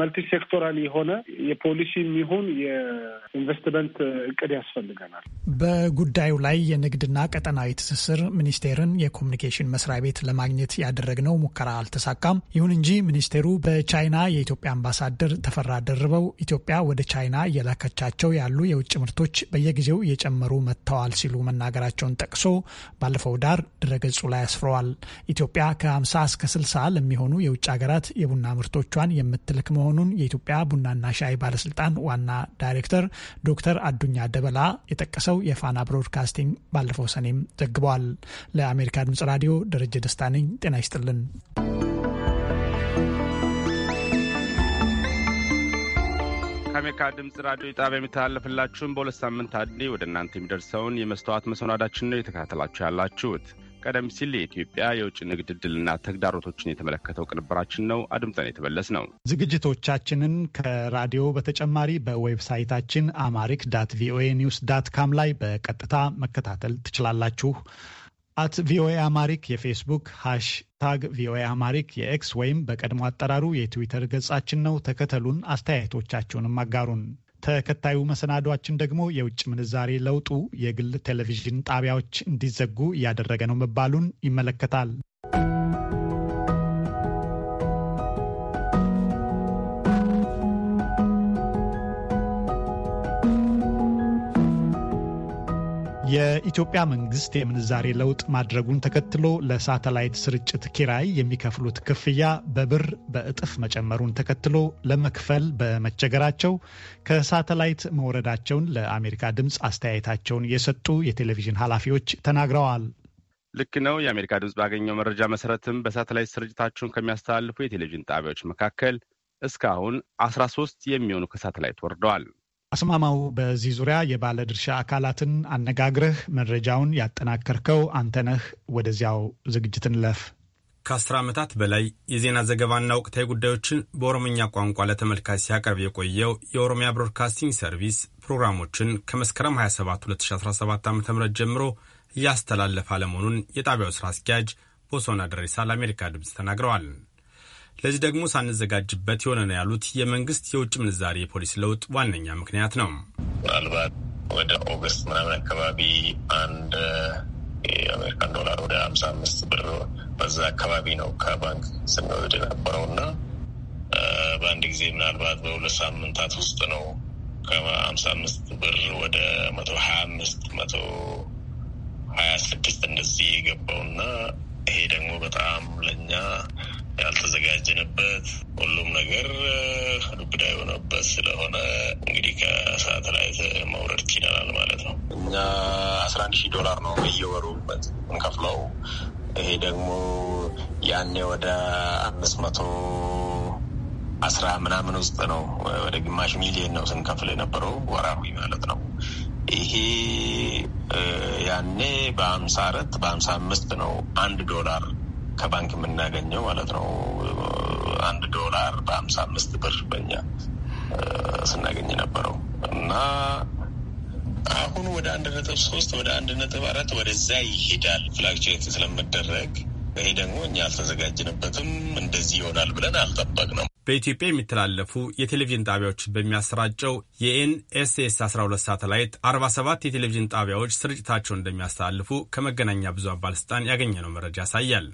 መልቲ ሴክቶራል የሆነ የፖሊሲም የሚሆን የኢንቨስትመንት እቅድ ያስፈልገናል። በጉዳዩ ላይ የንግድና ቀጠናዊ ትስስር ሚኒስቴርን የኮሚኒኬሽን መስሪያ ቤት ለማግኘት ያደረግነው ሙከራ አልተሳካም። ይሁን እንጂ ሚኒስቴሩ በቻይና የኢትዮጵያ አምባሳደር ተፈራ ደርበው ኢትዮጵያ ወደ ቻይና እየላከች በሀገሮቻቸው ያሉ የውጭ ምርቶች በየጊዜው እየጨመሩ መጥተዋል ሲሉ መናገራቸውን ጠቅሶ ባለፈው ዳር ድረገጹ ላይ አስፍረዋል። ኢትዮጵያ ከ50 እስከ 60 ለሚሆኑ የውጭ ሀገራት የቡና ምርቶቿን የምትልክ መሆኑን የኢትዮጵያ ቡናና ሻይ ባለስልጣን ዋና ዳይሬክተር ዶክተር አዱኛ ደበላ የጠቀሰው የፋና ብሮድካስቲንግ ባለፈው ሰኔም ዘግበዋል። ለአሜሪካ ድምጽ ራዲዮ ደረጀ ደስታ ነኝ። ጤና ይስጥልን። ከአሜሪካ ድምፅ ራዲዮ ጣቢያ የሚተላለፍላችሁን በሁለት ሳምንት አንዴ ወደ እናንተ የሚደርሰውን የመስተዋት መሰናዳችን ነው የተከታተላችሁ ያላችሁት። ቀደም ሲል የኢትዮጵያ የውጭ ንግድ ዕድልና ተግዳሮቶችን የተመለከተው ቅንብራችን ነው አድምጠን የተመለስ ነው። ዝግጅቶቻችንን ከራዲዮ በተጨማሪ በዌብሳይታችን አማሪክ ዳት ቪኦኤ ኒውስ ዳት ካም ላይ በቀጥታ መከታተል ትችላላችሁ። አት ቪኦኤ አማሪክ የፌስቡክ ሃሽታግ ቪኦኤ አማሪክ የኤክስ ወይም በቀድሞ አጠራሩ የትዊተር ገጻችን ነው። ተከተሉን፣ አስተያየቶቻችሁንም አጋሩን። ተከታዩ መሰናዷችን ደግሞ የውጭ ምንዛሬ ለውጡ የግል ቴሌቪዥን ጣቢያዎች እንዲዘጉ እያደረገ ነው መባሉን ይመለከታል። የኢትዮጵያ መንግስት የምንዛሬ ለውጥ ማድረጉን ተከትሎ ለሳተላይት ስርጭት ኪራይ የሚከፍሉት ክፍያ በብር በእጥፍ መጨመሩን ተከትሎ ለመክፈል በመቸገራቸው ከሳተላይት መውረዳቸውን ለአሜሪካ ድምፅ አስተያየታቸውን የሰጡ የቴሌቪዥን ኃላፊዎች ተናግረዋል። ልክ ነው። የአሜሪካ ድምፅ ባገኘው መረጃ መሰረትም በሳተላይት ስርጭታቸውን ከሚያስተላልፉ የቴሌቪዥን ጣቢያዎች መካከል እስካሁን አስራ ሶስት የሚሆኑ ከሳተላይት ወርደዋል። አስማማው፣ በዚህ ዙሪያ የባለድርሻ አካላትን አነጋግረህ መረጃውን ያጠናከርከው አንተነህ። ወደዚያው ዝግጅትን ለፍ ከአስር ዓመታት በላይ የዜና ዘገባና ወቅታዊ ጉዳዮችን በኦሮምኛ ቋንቋ ለተመልካች ሲያቀርብ የቆየው የኦሮሚያ ብሮድካስቲንግ ሰርቪስ ፕሮግራሞችን ከመስከረም 27 2017 ዓ ም ጀምሮ እያስተላለፈ አለመሆኑን የጣቢያው ስራ አስኪያጅ ቦሶና ደሬሳ ለአሜሪካ ድምፅ ተናግረዋል። ለዚህ ደግሞ ሳንዘጋጅበት የሆነ ነው ያሉት የመንግስት የውጭ ምንዛሬ የፖሊሲ ለውጥ ዋነኛ ምክንያት ነው። ምናልባት ወደ ኦገስት ምናምን አካባቢ አንድ የአሜሪካን ዶላር ወደ ሀምሳ አምስት ብር በዛ አካባቢ ነው ከባንክ ስንወስድ የነበረው እና በአንድ ጊዜ ምናልባት በሁለት ሳምንታት ውስጥ ነው ከሀምሳ አምስት ብር ወደ መቶ ሀያ አምስት መቶ ሀያ ስድስት እንደዚህ የገባው እና ይሄ ደግሞ በጣም ለእኛ ያልተዘጋጀንበት ሁሉም ነገር ዱብዳ የሆነበት ስለሆነ እንግዲህ ከሳተላይት መውረድ ችለናል ማለት ነው። እኛ አስራ አንድ ሺህ ዶላር ነው እየወሩበት እንከፍለው። ይሄ ደግሞ ያኔ ወደ አምስት መቶ አስራ ምናምን ውስጥ ነው ወደ ግማሽ ሚሊዮን ነው ስንከፍል የነበረው ወራዊ ማለት ነው። ይሄ ያኔ በአምሳ አራት በአምሳ አምስት ነው አንድ ዶላር ከባንክ የምናገኘው ማለት ነው። አንድ ዶላር በሀምሳ አምስት ብር በኛ ስናገኝ ነበረው እና አሁን ወደ አንድ ነጥብ ሶስት ወደ አንድ ነጥብ አራት ወደዛ ይሄዳል ፍላክቹዌት ስለምደረግ ይሄ ደግሞ እኛ አልተዘጋጅንበትም። እንደዚህ ይሆናል ብለን አልጠበቅንም። በኢትዮጵያ የሚተላለፉ የቴሌቪዥን ጣቢያዎች በሚያሰራጨው የኤንኤስኤስ 12 ሳተላይት 47 የቴሌቪዥን ጣቢያዎች ስርጭታቸውን እንደሚያስተላልፉ ከመገናኛ ብዙ ባለስልጣን ያገኘነው መረጃ ያሳያል።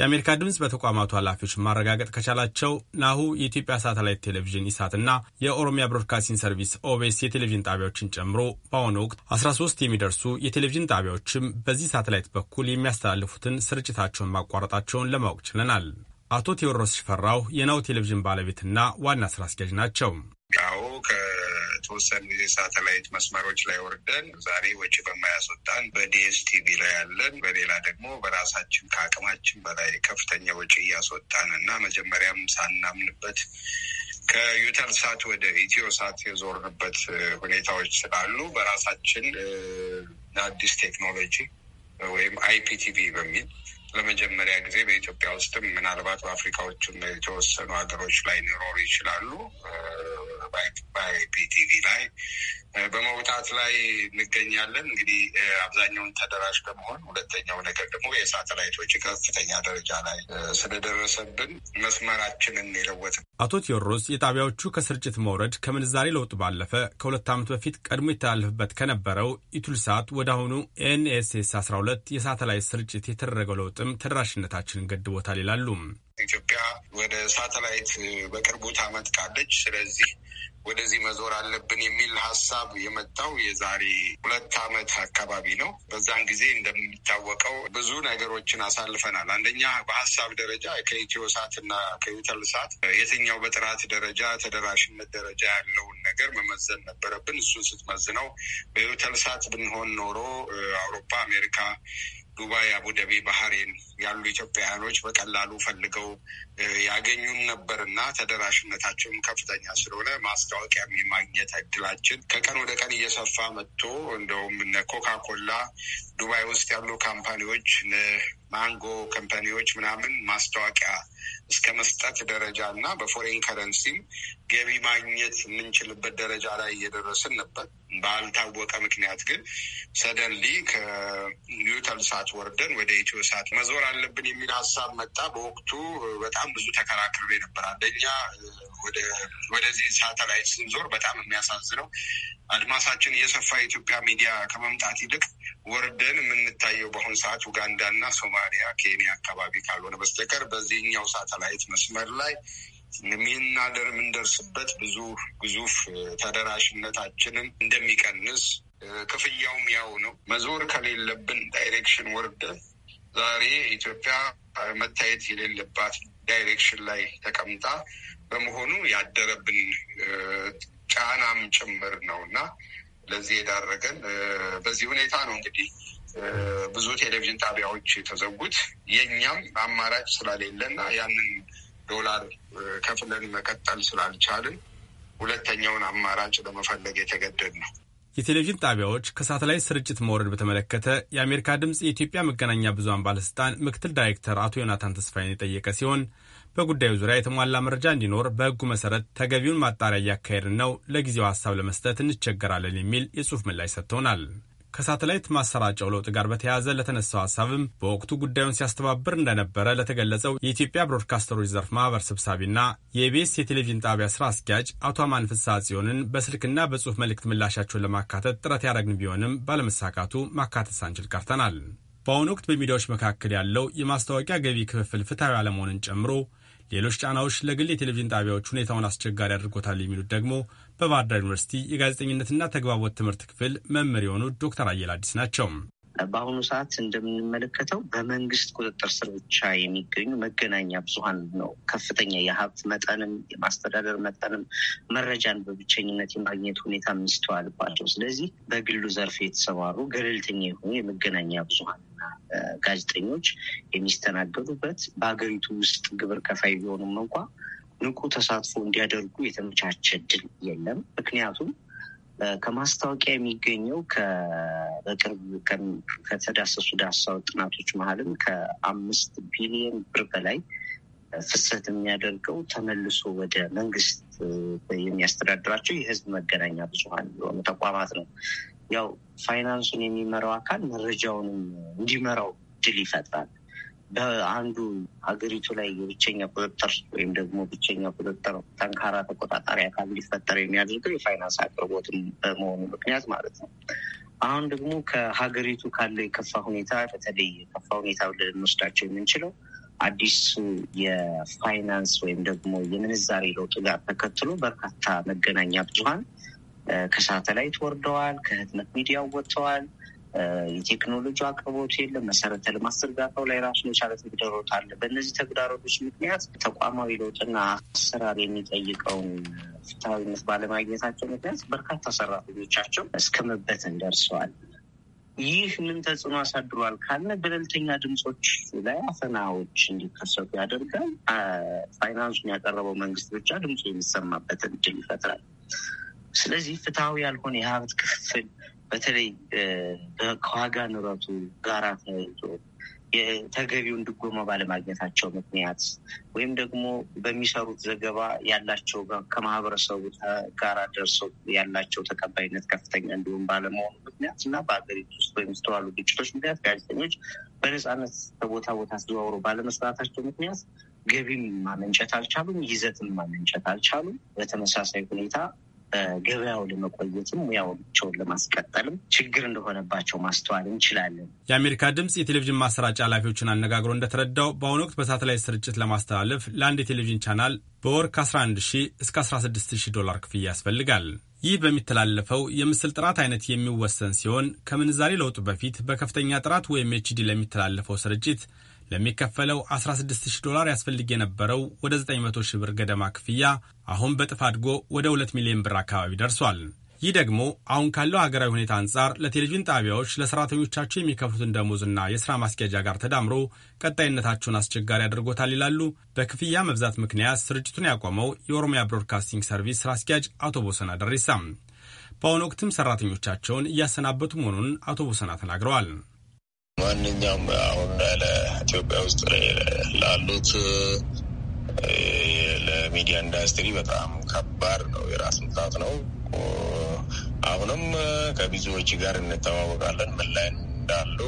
የአሜሪካ ድምፅ በተቋማቱ ኃላፊዎች ማረጋገጥ ከቻላቸው ናሁ የኢትዮጵያ ሳተላይት ቴሌቪዥን ኢሳትና የኦሮሚያ ብሮድካስቲንግ ሰርቪስ ኦቤስ የቴሌቪዥን ጣቢያዎችን ጨምሮ በአሁኑ ወቅት 13 የሚደርሱ የቴሌቪዥን ጣቢያዎችም በዚህ ሳተላይት በኩል የሚያስተላልፉትን ስርጭታቸውን ማቋረጣቸውን ለማወቅ ችለናል። አቶ ቴዎድሮስ ሽፈራው የናሁ ቴሌቪዥን ባለቤትና ዋና ስራ አስኪያጅ ናቸው። በተወሰኑ የሳተላይት መስመሮች ላይ ወርደን ዛሬ ወጪ በማያስወጣን በዲኤስቲቪ ላይ ያለን፣ በሌላ ደግሞ በራሳችን ከአቅማችን በላይ ከፍተኛ ወጪ እያስወጣን እና መጀመሪያም ሳናምንበት ከዩተልሳት ወደ ኢትዮሳት የዞርንበት ሁኔታዎች ስላሉ በራሳችን አዲስ ቴክኖሎጂ ወይም አይፒቲቪ በሚል ለመጀመሪያ ጊዜ በኢትዮጵያ ውስጥም ምናልባት በአፍሪካዎችም የተወሰኑ ሀገሮች ላይ ሊኖሩ ይችላሉ። በአይፒቲቪ ላይ በመውጣት ላይ እንገኛለን። እንግዲህ አብዛኛውን ተደራሽ በመሆን ሁለተኛው ነገር ደግሞ የሳተላይቶች ከፍተኛ ደረጃ ላይ ስለደረሰብን መስመራችንን የለወጥ አቶ ቴዎድሮስ የጣቢያዎቹ ከስርጭት መውረድ ከምንዛሬ ለውጥ ባለፈ ከሁለት ዓመት በፊት ቀድሞ ይተላለፍበት ከነበረው ኢቱልሳት ወደ አሁኑ ኤንኤስኤስ 12 የሳተላይት ስርጭት የተደረገው ለውጥ ለውጥም ተደራሽነታችንን ገድቦታል ይላሉ። ኢትዮጵያ ወደ ሳተላይት በቅርቡ ታመጥቃለች። ስለዚህ ወደዚህ መዞር አለብን የሚል ሀሳብ የመጣው የዛሬ ሁለት ዓመት አካባቢ ነው። በዛን ጊዜ እንደሚታወቀው ብዙ ነገሮችን አሳልፈናል። አንደኛ በሀሳብ ደረጃ ከኢትዮ ሳት እና ከዩተል ሳት የትኛው በጥራት ደረጃ ተደራሽነት ደረጃ ያለውን ነገር መመዘን ነበረብን። እሱን ስትመዝነው በዩተል ሳት ብንሆን ኖሮ አውሮፓ፣ አሜሪካ Dubai Abu Dhabi Bahrain ያሉ ኢትዮጵያውያኖች በቀላሉ ፈልገው ያገኙን ነበር እና ተደራሽነታቸውም ከፍተኛ ስለሆነ ማስታወቂያ የማግኘት እድላችን ከቀን ወደ ቀን እየሰፋ መጥቶ እንደውም እነ ኮካኮላ ዱባይ ውስጥ ያሉ ካምፓኒዎች ማንጎ ከምፓኒዎች ምናምን ማስታወቂያ እስከ መስጠት ደረጃ እና በፎሬን ከረንሲም ገቢ ማግኘት የምንችልበት ደረጃ ላይ እየደረስን ነበር። ባልታወቀ ምክንያት ግን ሰደንሊ ከኒውተል ሳት ወርደን ወደ ኢትዮ ሳት መዞር አለብን የሚል ሀሳብ መጣ። በወቅቱ በጣም ብዙ ተከራክሬ ነበር። አንደኛ ወደዚህ ሳተላይት ስንዞር በጣም የሚያሳዝነው አድማሳችን የሰፋ የኢትዮጵያ ሚዲያ ከመምጣት ይልቅ ወርደን የምንታየው በአሁኑ ሰዓት ኡጋንዳና ሶማሊያ፣ ኬንያ አካባቢ ካልሆነ በስተቀር በዚህኛው ሳተላይት መስመር ላይ የሚናደር የምንደርስበት ብዙ ግዙፍ ተደራሽነታችንን እንደሚቀንስ ክፍያውም ያው ነው። መዞር ከሌለብን ዳይሬክሽን ወርደ ዛሬ ኢትዮጵያ መታየት የሌለባት ዳይሬክሽን ላይ ተቀምጣ በመሆኑ ያደረብን ጫናም ጭምር ነው እና ለዚህ የዳረገን በዚህ ሁኔታ ነው እንግዲህ ብዙ ቴሌቪዥን ጣቢያዎች የተዘጉት። የእኛም አማራጭ ስለሌለና ያንን ዶላር ከፍለን መቀጠል ስላልቻልን ሁለተኛውን አማራጭ ለመፈለግ የተገደድ ነው። የቴሌቪዥን ጣቢያዎች ከሳተላይት ስርጭት መውረድ በተመለከተ የአሜሪካ ድምፅ የኢትዮጵያ መገናኛ ብዙኃን ባለስልጣን ምክትል ዳይሬክተር አቶ ዮናታን ተስፋይን የጠየቀ ሲሆን በጉዳዩ ዙሪያ የተሟላ መረጃ እንዲኖር በሕጉ መሰረት ተገቢውን ማጣሪያ እያካሄድን ነው፣ ለጊዜው ሀሳብ ለመስጠት እንቸገራለን የሚል የጽሑፍ ምላሽ ሰጥተውናል። ከሳተላይት ማሰራጫው ለውጥ ጋር በተያያዘ ለተነሳው ሀሳብም በወቅቱ ጉዳዩን ሲያስተባብር እንደነበረ ለተገለጸው የኢትዮጵያ ብሮድካስተሮች ዘርፍ ማህበር ሰብሳቢና የኢቢኤስ የቴሌቪዥን ጣቢያ ስራ አስኪያጅ አቶ አማን ፍስሐ ጽዮንን በስልክና በጽሁፍ መልእክት ምላሻቸውን ለማካተት ጥረት ያደረግን ቢሆንም ባለመሳካቱ ማካተት ሳንችል ቀርተናል። በአሁኑ ወቅት በሚዲያዎች መካከል ያለው የማስታወቂያ ገቢ ክፍፍል ፍትሐዊ አለመሆንን ጨምሮ ሌሎች ጫናዎች ለግል የቴሌቪዥን ጣቢያዎች ሁኔታውን አስቸጋሪ አድርጎታል የሚሉት ደግሞ በባህር ዳር ዩኒቨርሲቲ የጋዜጠኝነትና ተግባቦት ትምህርት ክፍል መምህር የሆኑ ዶክተር አየል አዲስ ናቸው። በአሁኑ ሰዓት እንደምንመለከተው በመንግስት ቁጥጥር ስር ብቻ የሚገኙ መገናኛ ብዙሀን ነው ከፍተኛ የሀብት መጠንም የማስተዳደር መጠንም መረጃን በብቸኝነት የማግኘት ሁኔታ የሚስተዋልባቸው። ስለዚህ በግሉ ዘርፍ የተሰማሩ ገለልተኛ የሆኑ የመገናኛ ብዙሀን ጋዜጠኞች የሚስተናገዱበት በሀገሪቱ ውስጥ ግብር ከፋይ ቢሆኑም እንኳ ንቁ ተሳትፎ እንዲያደርጉ የተመቻቸ እድል የለም። ምክንያቱም ከማስታወቂያ የሚገኘው በቅርብ ከተዳሰሱ ዳሳው ጥናቶች መሀልም ከአምስት ቢሊዮን ብር በላይ ፍሰት የሚያደርገው ተመልሶ ወደ መንግስት የሚያስተዳድራቸው የህዝብ መገናኛ ብዙሀን የሆኑ ተቋማት ነው። ያው ፋይናንሱን የሚመራው አካል መረጃውንም እንዲመራው ድል ይፈጥራል። በአንዱ ሀገሪቱ ላይ የብቸኛ ቁጥጥር ወይም ደግሞ ብቸኛ ቁጥጥር ጠንካራ ተቆጣጣሪ አካል እንዲፈጠር የሚያደርገው የፋይናንስ አቅርቦትም በመሆኑ ምክንያት ማለት ነው። አሁን ደግሞ ከሀገሪቱ ካለው የከፋ ሁኔታ በተለይ የከፋ ሁኔታ ልንወስዳቸው የምንችለው አዲሱ የፋይናንስ ወይም ደግሞ የምንዛሬ ለውጡ ጋር ተከትሎ በርካታ መገናኛ ብዙሀን ከሳተላይት ወርደዋል፣ ከህትመት ሚዲያው ወጥተዋል። የቴክኖሎጂ አቅርቦት የለም። መሰረተ ልማት ዝርጋታው ላይ ራሱ የቻለ ተግዳሮት አለ። በእነዚህ ተግዳሮቶች ምክንያት ተቋማዊ ለውጥና አሰራር የሚጠይቀውን ፍትሐዊነት ባለማግኘታቸው ምክንያት በርካታ ሰራተኞቻቸው እስከ መበተን ደርሰዋል። ይህ ምን ተጽዕኖ አሳድሯል ካለ ገለልተኛ ድምፆች ላይ አፈናዎች እንዲከሰቱ ያደርጋል። ፋይናንሱን ያቀረበው መንግስት ብቻ ድምፁ የሚሰማበትን እድል ይፈጥራል። ስለዚህ ፍትሐዊ ያልሆነ የሀብት ክፍፍል በተለይ ከዋጋ ንረቱ ጋራ ተያይዞ የተገቢውን ድጎማ ባለማግኘታቸው ምክንያት ወይም ደግሞ በሚሰሩት ዘገባ ያላቸው ከማህበረሰቡ ጋራ ደርሰው ያላቸው ተቀባይነት ከፍተኛ እንዲሁም ባለመሆኑ ምክንያት እና በሀገሪቱ ውስጥ በሚስተዋሉ ግጭቶች ምክንያት ጋዜጠኞች በነፃነት ከቦታ ቦታ አስተዘዋውሮ ባለመስራታቸው ምክንያት ገቢም ማመንጨት አልቻሉም፣ ይዘትም ማመንጨት አልቻሉም። በተመሳሳይ ሁኔታ በገበያው ለመቆየትም ሙያቸውን ለማስቀጠልም ችግር እንደሆነባቸው ማስተዋል እንችላለን። የአሜሪካ ድምፅ የቴሌቪዥን ማሰራጫ ኃላፊዎችን አነጋግሮ እንደተረዳው በአሁኑ ወቅት በሳተላይት ስርጭት ለማስተላለፍ ለአንድ የቴሌቪዥን ቻናል በወር ከ11 ሺህ እስከ 16 ሺህ ዶላር ክፍያ ያስፈልጋል። ይህ በሚተላለፈው የምስል ጥራት አይነት የሚወሰን ሲሆን ከምንዛሬ ለውጡ በፊት በከፍተኛ ጥራት ወይም ኤችዲ ለሚተላለፈው ስርጭት ለሚከፈለው 16000 ዶላር ያስፈልግ የነበረው ወደ 900 ሺህ ብር ገደማ ክፍያ አሁን በጥፍ አድጎ ወደ 2 ሚሊዮን ብር አካባቢ ደርሷል። ይህ ደግሞ አሁን ካለው ሀገራዊ ሁኔታ አንጻር ለቴሌቪዥን ጣቢያዎች ለሰራተኞቻቸው የሚከፍሉትን ደሞዝና የሥራ ማስኪያጃ ጋር ተዳምሮ ቀጣይነታቸውን አስቸጋሪ አድርጎታል ይላሉ። በክፍያ መብዛት ምክንያት ስርጭቱን ያቆመው የኦሮሚያ ብሮድካስቲንግ ሰርቪስ ሥራ አስኪያጅ አቶ ቦሰና ደሬሳም በአሁኑ ወቅትም ሰራተኞቻቸውን እያሰናበቱ መሆኑን አቶ ቦሰና ተናግረዋል። ማንኛውም አሁን ኢትዮጵያ ውስጥ ላሉት ለሚዲያ ኢንዱስትሪ በጣም ከባድ ነው፣ የራስ ምታት ነው። አሁንም ከብዙዎች ጋር እንተዋወቃለን ምን ላይ እንዳሉ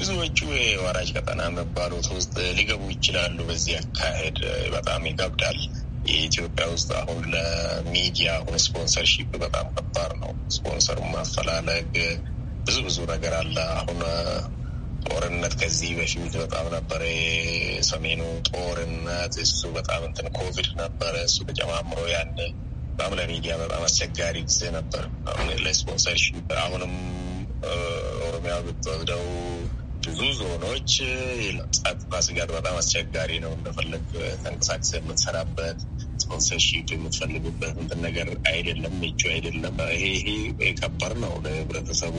ብዙዎቹ የወራጅ ቀጠና የሚባሉት ውስጥ ሊገቡ ይችላሉ። በዚህ አካሄድ በጣም ይገብዳል። የኢትዮጵያ ውስጥ አሁን ለሚዲያ አሁን ስፖንሰርሺፕ በጣም ከባድ ነው። ስፖንሰሩ ማፈላለግ ብዙ ብዙ ነገር አለ አሁን ጦርነት ከዚህ በፊት በጣም ነበረ። ሰሜኑ ጦርነት እሱ በጣም እንትን ኮቪድ ነበረ። እሱ ተጨማምሮ ያን በጣም ለሚዲያ በጣም አስቸጋሪ ጊዜ ነበር። አሁን ለስፖንሰርሺፕ አሁንም ኦሮሚያ ብትወስደው ብዙ ዞኖች ጸጥታ ስጋት በጣም አስቸጋሪ ነው። እንደፈለግ ተንቀሳቅሰ የምትሰራበት ስፖንሰርሺፕ የምትፈልግበት እንትን ነገር አይደለም፣ ምቹ አይደለም። ይሄ ይሄ የከበር ነው ለህብረተሰቡ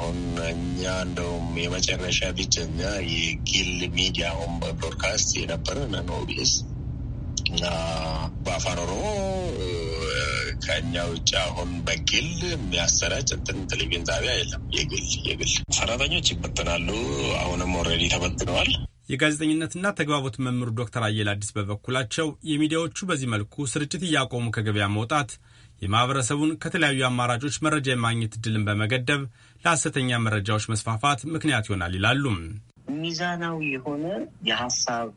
አሁን እኛ እንደውም የመጨረሻ ብቸኛ የግል ሚዲያ ሆን ብሮድካስት የነበረ ኦቢኤስ እና በአፋን ኦሮሞ ከእኛ ውጭ አሁን በግል የሚያሰራጭ እንትን ቴሌቪዥን ጣቢያ የለም። የግል የግል ሰራተኞች ይበትናሉ። አሁንም ኦልሬዲ ተበትነዋል። የጋዜጠኝነትና ተግባቦት መምህሩ ዶክተር አየል አዲስ በበኩላቸው የሚዲያዎቹ በዚህ መልኩ ስርጭት እያቆሙ ከገበያ መውጣት የማህበረሰቡን ከተለያዩ አማራጮች መረጃ የማግኘት እድልን በመገደብ ለሐሰተኛ መረጃዎች መስፋፋት ምክንያት ይሆናል ይላሉ። ሚዛናዊ የሆነ የሀሳብ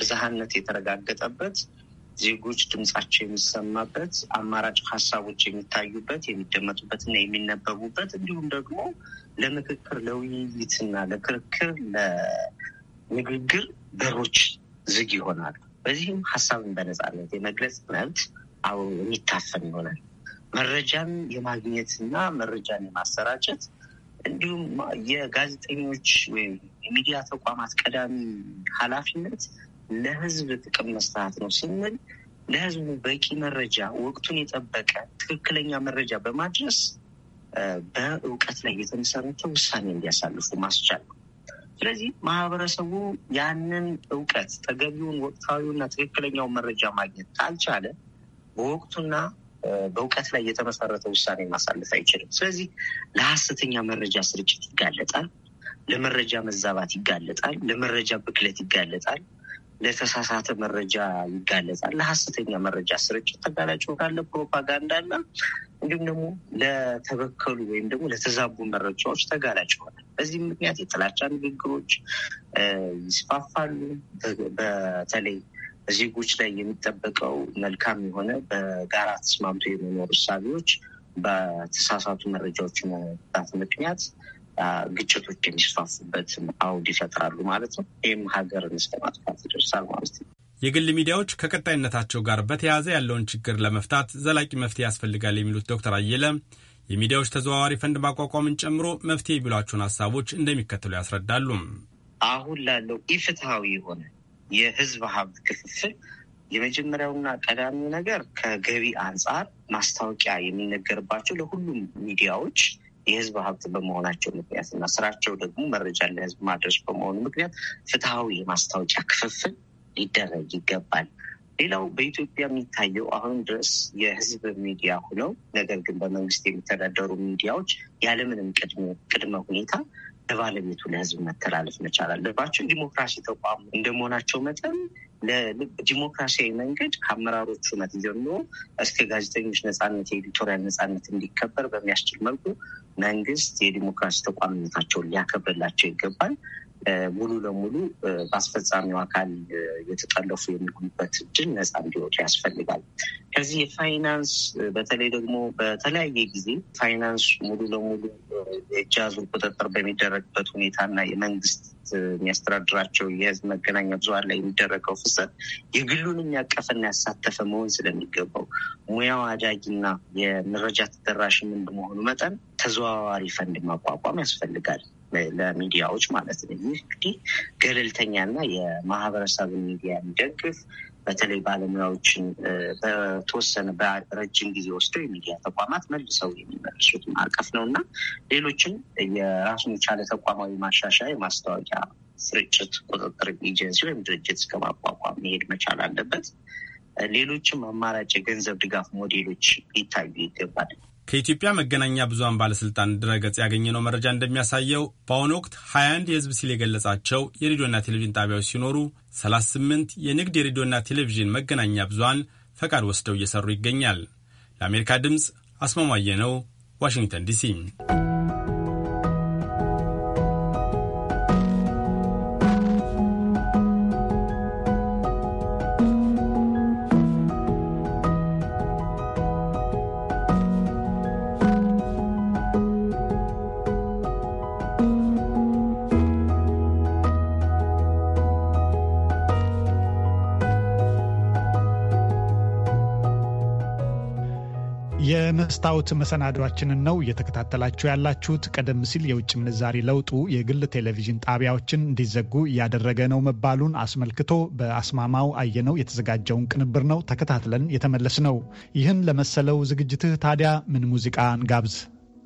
ብዝሃነት የተረጋገጠበት ዜጎች ድምጻቸው የሚሰማበት አማራጭ ሀሳቦች የሚታዩበት የሚደመጡበትና የሚነበቡበት እንዲሁም ደግሞ ለምክክር ለውይይትና ለክርክር ለንግግር በሮች ዝግ ይሆናል። በዚህም ሀሳብን በነጻነት የመግለጽ መብት የሚታፈን ይሆናል። መረጃን የማግኘትና መረጃን የማሰራጨት እንዲሁም የጋዜጠኞች ወይም የሚዲያ ተቋማት ቀዳሚ ኃላፊነት ለህዝብ ጥቅም መስራት ነው ስንል ለህዝቡ በቂ መረጃ ወቅቱን የጠበቀ ትክክለኛ መረጃ በማድረስ በእውቀት ላይ የተመሰረተ ውሳኔ እንዲያሳልፉ ማስቻል ነው። ስለዚህ ማህበረሰቡ ያንን እውቀት ተገቢውን ወቅታዊና ትክክለኛውን መረጃ ማግኘት ካልቻለ በወቅቱና በእውቀት ላይ የተመሰረተ ውሳኔ ማሳለፍ አይችልም። ስለዚህ ለሀሰተኛ መረጃ ስርጭት ይጋለጣል፣ ለመረጃ መዛባት ይጋለጣል፣ ለመረጃ ብክለት ይጋለጣል፣ ለተሳሳተ መረጃ ይጋለጣል። ለሀሰተኛ መረጃ ስርጭት ተጋላጭ ካለ ፕሮፓጋንዳና እንዲሁም ደግሞ ለተበከሉ ወይም ደግሞ ለተዛቡ መረጃዎች ተጋላጭ ይሆናል። በዚህም ምክንያት የጥላቻ ንግግሮች ይስፋፋሉ። በተለይ ዜጎች ላይ የሚጠበቀው መልካም የሆነ በጋራ ተስማምቶ የሚኖሩ እሳቤዎች በተሳሳቱ መረጃዎች መጣት ምክንያት ግጭቶች የሚስፋፉበት አውድ ይፈጥራሉ ማለት ነው። ይህም ሀገርን እስከ ማጥፋት ይደርሳል ማለት ነው። የግል ሚዲያዎች ከቀጣይነታቸው ጋር በተያያዘ ያለውን ችግር ለመፍታት ዘላቂ መፍትሄ ያስፈልጋል የሚሉት ዶክተር አየለ የሚዲያዎች ተዘዋዋሪ ፈንድ ማቋቋምን ጨምሮ መፍትሄ የሚሏቸውን ሀሳቦች እንደሚከተሉ ያስረዳሉ። አሁን ላለው ኢፍትሐዊ የሆነ የህዝብ ሀብት ክፍፍል የመጀመሪያውና ቀዳሚ ነገር ከገቢ አንጻር ማስታወቂያ የሚነገርባቸው ለሁሉም ሚዲያዎች የህዝብ ሀብት በመሆናቸው ምክንያት እና ስራቸው ደግሞ መረጃ ለህዝብ ማድረስ በመሆኑ ምክንያት ፍትሐዊ የማስታወቂያ ክፍፍል ሊደረግ ይገባል። ሌላው በኢትዮጵያ የሚታየው አሁን ድረስ የህዝብ ሚዲያ ሆነው ነገር ግን በመንግስት የሚተዳደሩ ሚዲያዎች ያለምንም ቅድመ ሁኔታ ለባለቤቱ ለህዝብ መተላለፍ መቻል አለባቸው። ዲሞክራሲ ተቋም እንደመሆናቸው መጠን ለዲሞክራሲያዊ መንገድ ከአመራሮቹ ነት ጀምሮ እስከ ጋዜጠኞች ነጻነት፣ የኤዲቶሪያል ነጻነት እንዲከበር በሚያስችል መልኩ መንግስት የዲሞክራሲ ተቋምነታቸውን ሊያከብርላቸው ይገባል። ሙሉ ለሙሉ በአስፈጻሚው አካል የተጠለፉ የሚሆኑበት እድል ነፃ እንዲወጡ ያስፈልጋል። ከዚህ የፋይናንስ በተለይ ደግሞ በተለያየ ጊዜ ፋይናንስ ሙሉ ለሙሉ የእጅ አዙር ቁጥጥር በሚደረግበት ሁኔታ እና የመንግስት የሚያስተዳድራቸው የህዝብ መገናኛ ብዙኃን ላይ የሚደረገው ፍሰት የግሉን የሚያቀፈና ያሳተፈ መሆን ስለሚገባው ሙያው አዳጊና የመረጃ ተደራሽም እንደመሆኑ መጠን ተዘዋዋሪ ፈንድ ማቋቋም ያስፈልጋል። ለሚዲያዎች ማለት ነው። ይህ እንግዲህ ገለልተኛና የማህበረሰብን ሚዲያ የሚደግፍ በተለይ ባለሙያዎችን በተወሰነ በረጅም ጊዜ ወስደው የሚዲያ ተቋማት መልሰው የሚመልሱት ማዕቀፍ ነው እና ሌሎችም የራሱን የቻለ ተቋማዊ ማሻሻያ የማስታወቂያ ስርጭት ቁጥጥር ኤጀንሲ ወይም ድርጅት እስከ ማቋቋም መሄድ መቻል አለበት። ሌሎችም አማራጭ የገንዘብ ድጋፍ ሞዴሎች ሊታዩ ይገባል። ከኢትዮጵያ መገናኛ ብዙሃን ባለስልጣን ድረገጽ ያገኘነው መረጃ እንደሚያሳየው በአሁኑ ወቅት 21 የህዝብ ሲል የገለጻቸው የሬዲዮና ቴሌቪዥን ጣቢያዎች ሲኖሩ 38 የንግድ የሬዲዮና ቴሌቪዥን መገናኛ ብዙኃን ፈቃድ ወስደው እየሰሩ ይገኛል። ለአሜሪካ ድምፅ አስማማየ ነው፣ ዋሽንግተን ዲሲ። የመስታወት መሰናዷችንን ነው እየተከታተላችሁ ያላችሁት። ቀደም ሲል የውጭ ምንዛሪ ለውጡ የግል ቴሌቪዥን ጣቢያዎችን እንዲዘጉ እያደረገ ነው መባሉን አስመልክቶ በአስማማው አየነው የተዘጋጀውን ቅንብር ነው ተከታትለን የተመለስ ነው። ይህን ለመሰለው ዝግጅትህ ታዲያ ምን ሙዚቃ እንጋብዝ?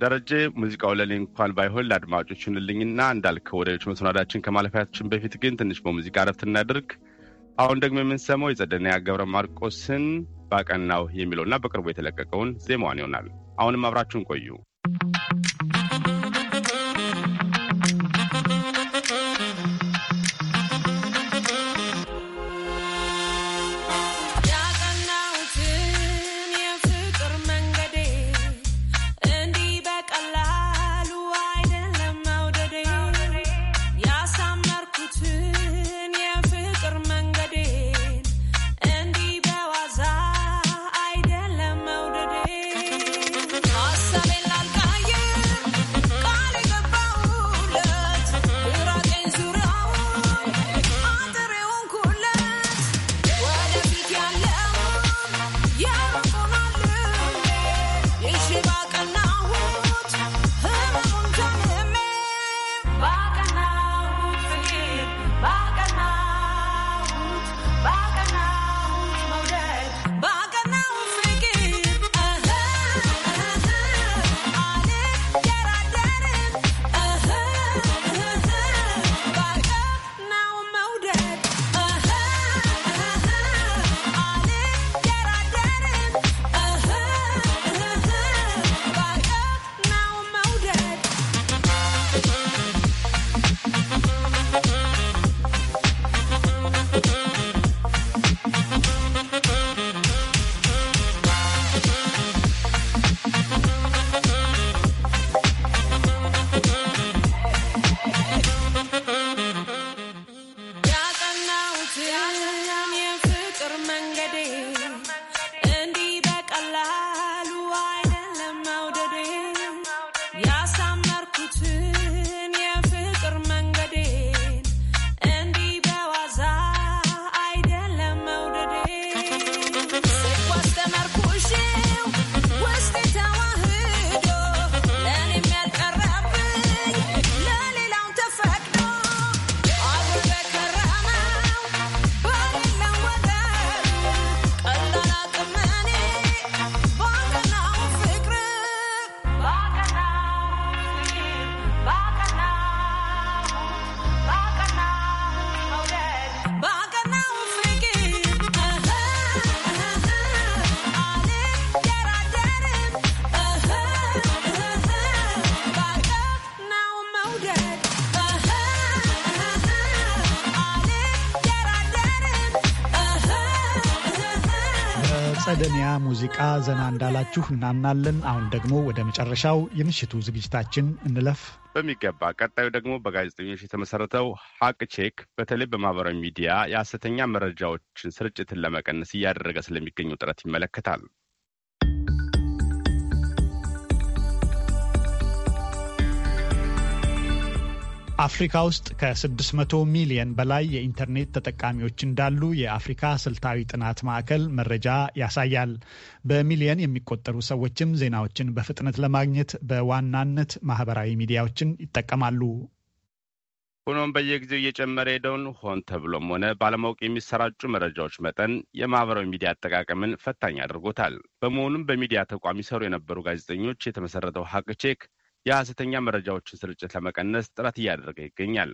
ደረጀ ሙዚቃው ለኔ እንኳን ባይሆን ለአድማጮች ይሁንልኝና እንዳልከው ወደ ሌሎች መሰናዳችን ከማለፊያችን በፊት ግን ትንሽ በሙዚቃ እረፍት እናደርግ። አሁን ደግሞ የምንሰማው የጸደንያ ገብረ ማርቆስን ባቀናው የሚለውና በቅርቡ የተለቀቀውን ዜማዋን ይሆናል። አሁንም አብራችሁን ቆዩ። I'm mangade ደቂቃ ዘና እንዳላችሁ እናምናለን። አሁን ደግሞ ወደ መጨረሻው የምሽቱ ዝግጅታችን እንለፍ። በሚገባ ቀጣዩ ደግሞ በጋዜጠኞች የተመሰረተው ሀቅ ቼክ በተለይ በማህበራዊ ሚዲያ የሐሰተኛ መረጃዎችን ስርጭትን ለመቀነስ እያደረገ ስለሚገኘው ጥረት ይመለከታል። አፍሪካ ውስጥ ከ600 ሚሊየን በላይ የኢንተርኔት ተጠቃሚዎች እንዳሉ የአፍሪካ ስልታዊ ጥናት ማዕከል መረጃ ያሳያል። በሚሊየን የሚቆጠሩ ሰዎችም ዜናዎችን በፍጥነት ለማግኘት በዋናነት ማህበራዊ ሚዲያዎችን ይጠቀማሉ። ሆኖም በየጊዜው እየጨመረ ሄደውን ሆን ተብሎም ሆነ ባለማወቅ የሚሰራጩ መረጃዎች መጠን የማህበራዊ ሚዲያ አጠቃቀምን ፈታኝ አድርጎታል። በመሆኑም በሚዲያ ተቋም ይሰሩ የነበሩ ጋዜጠኞች የተመሰረተው ሀቅ ቼክ የሐሰተኛ መረጃዎችን ስርጭት ለመቀነስ ጥረት እያደረገ ይገኛል።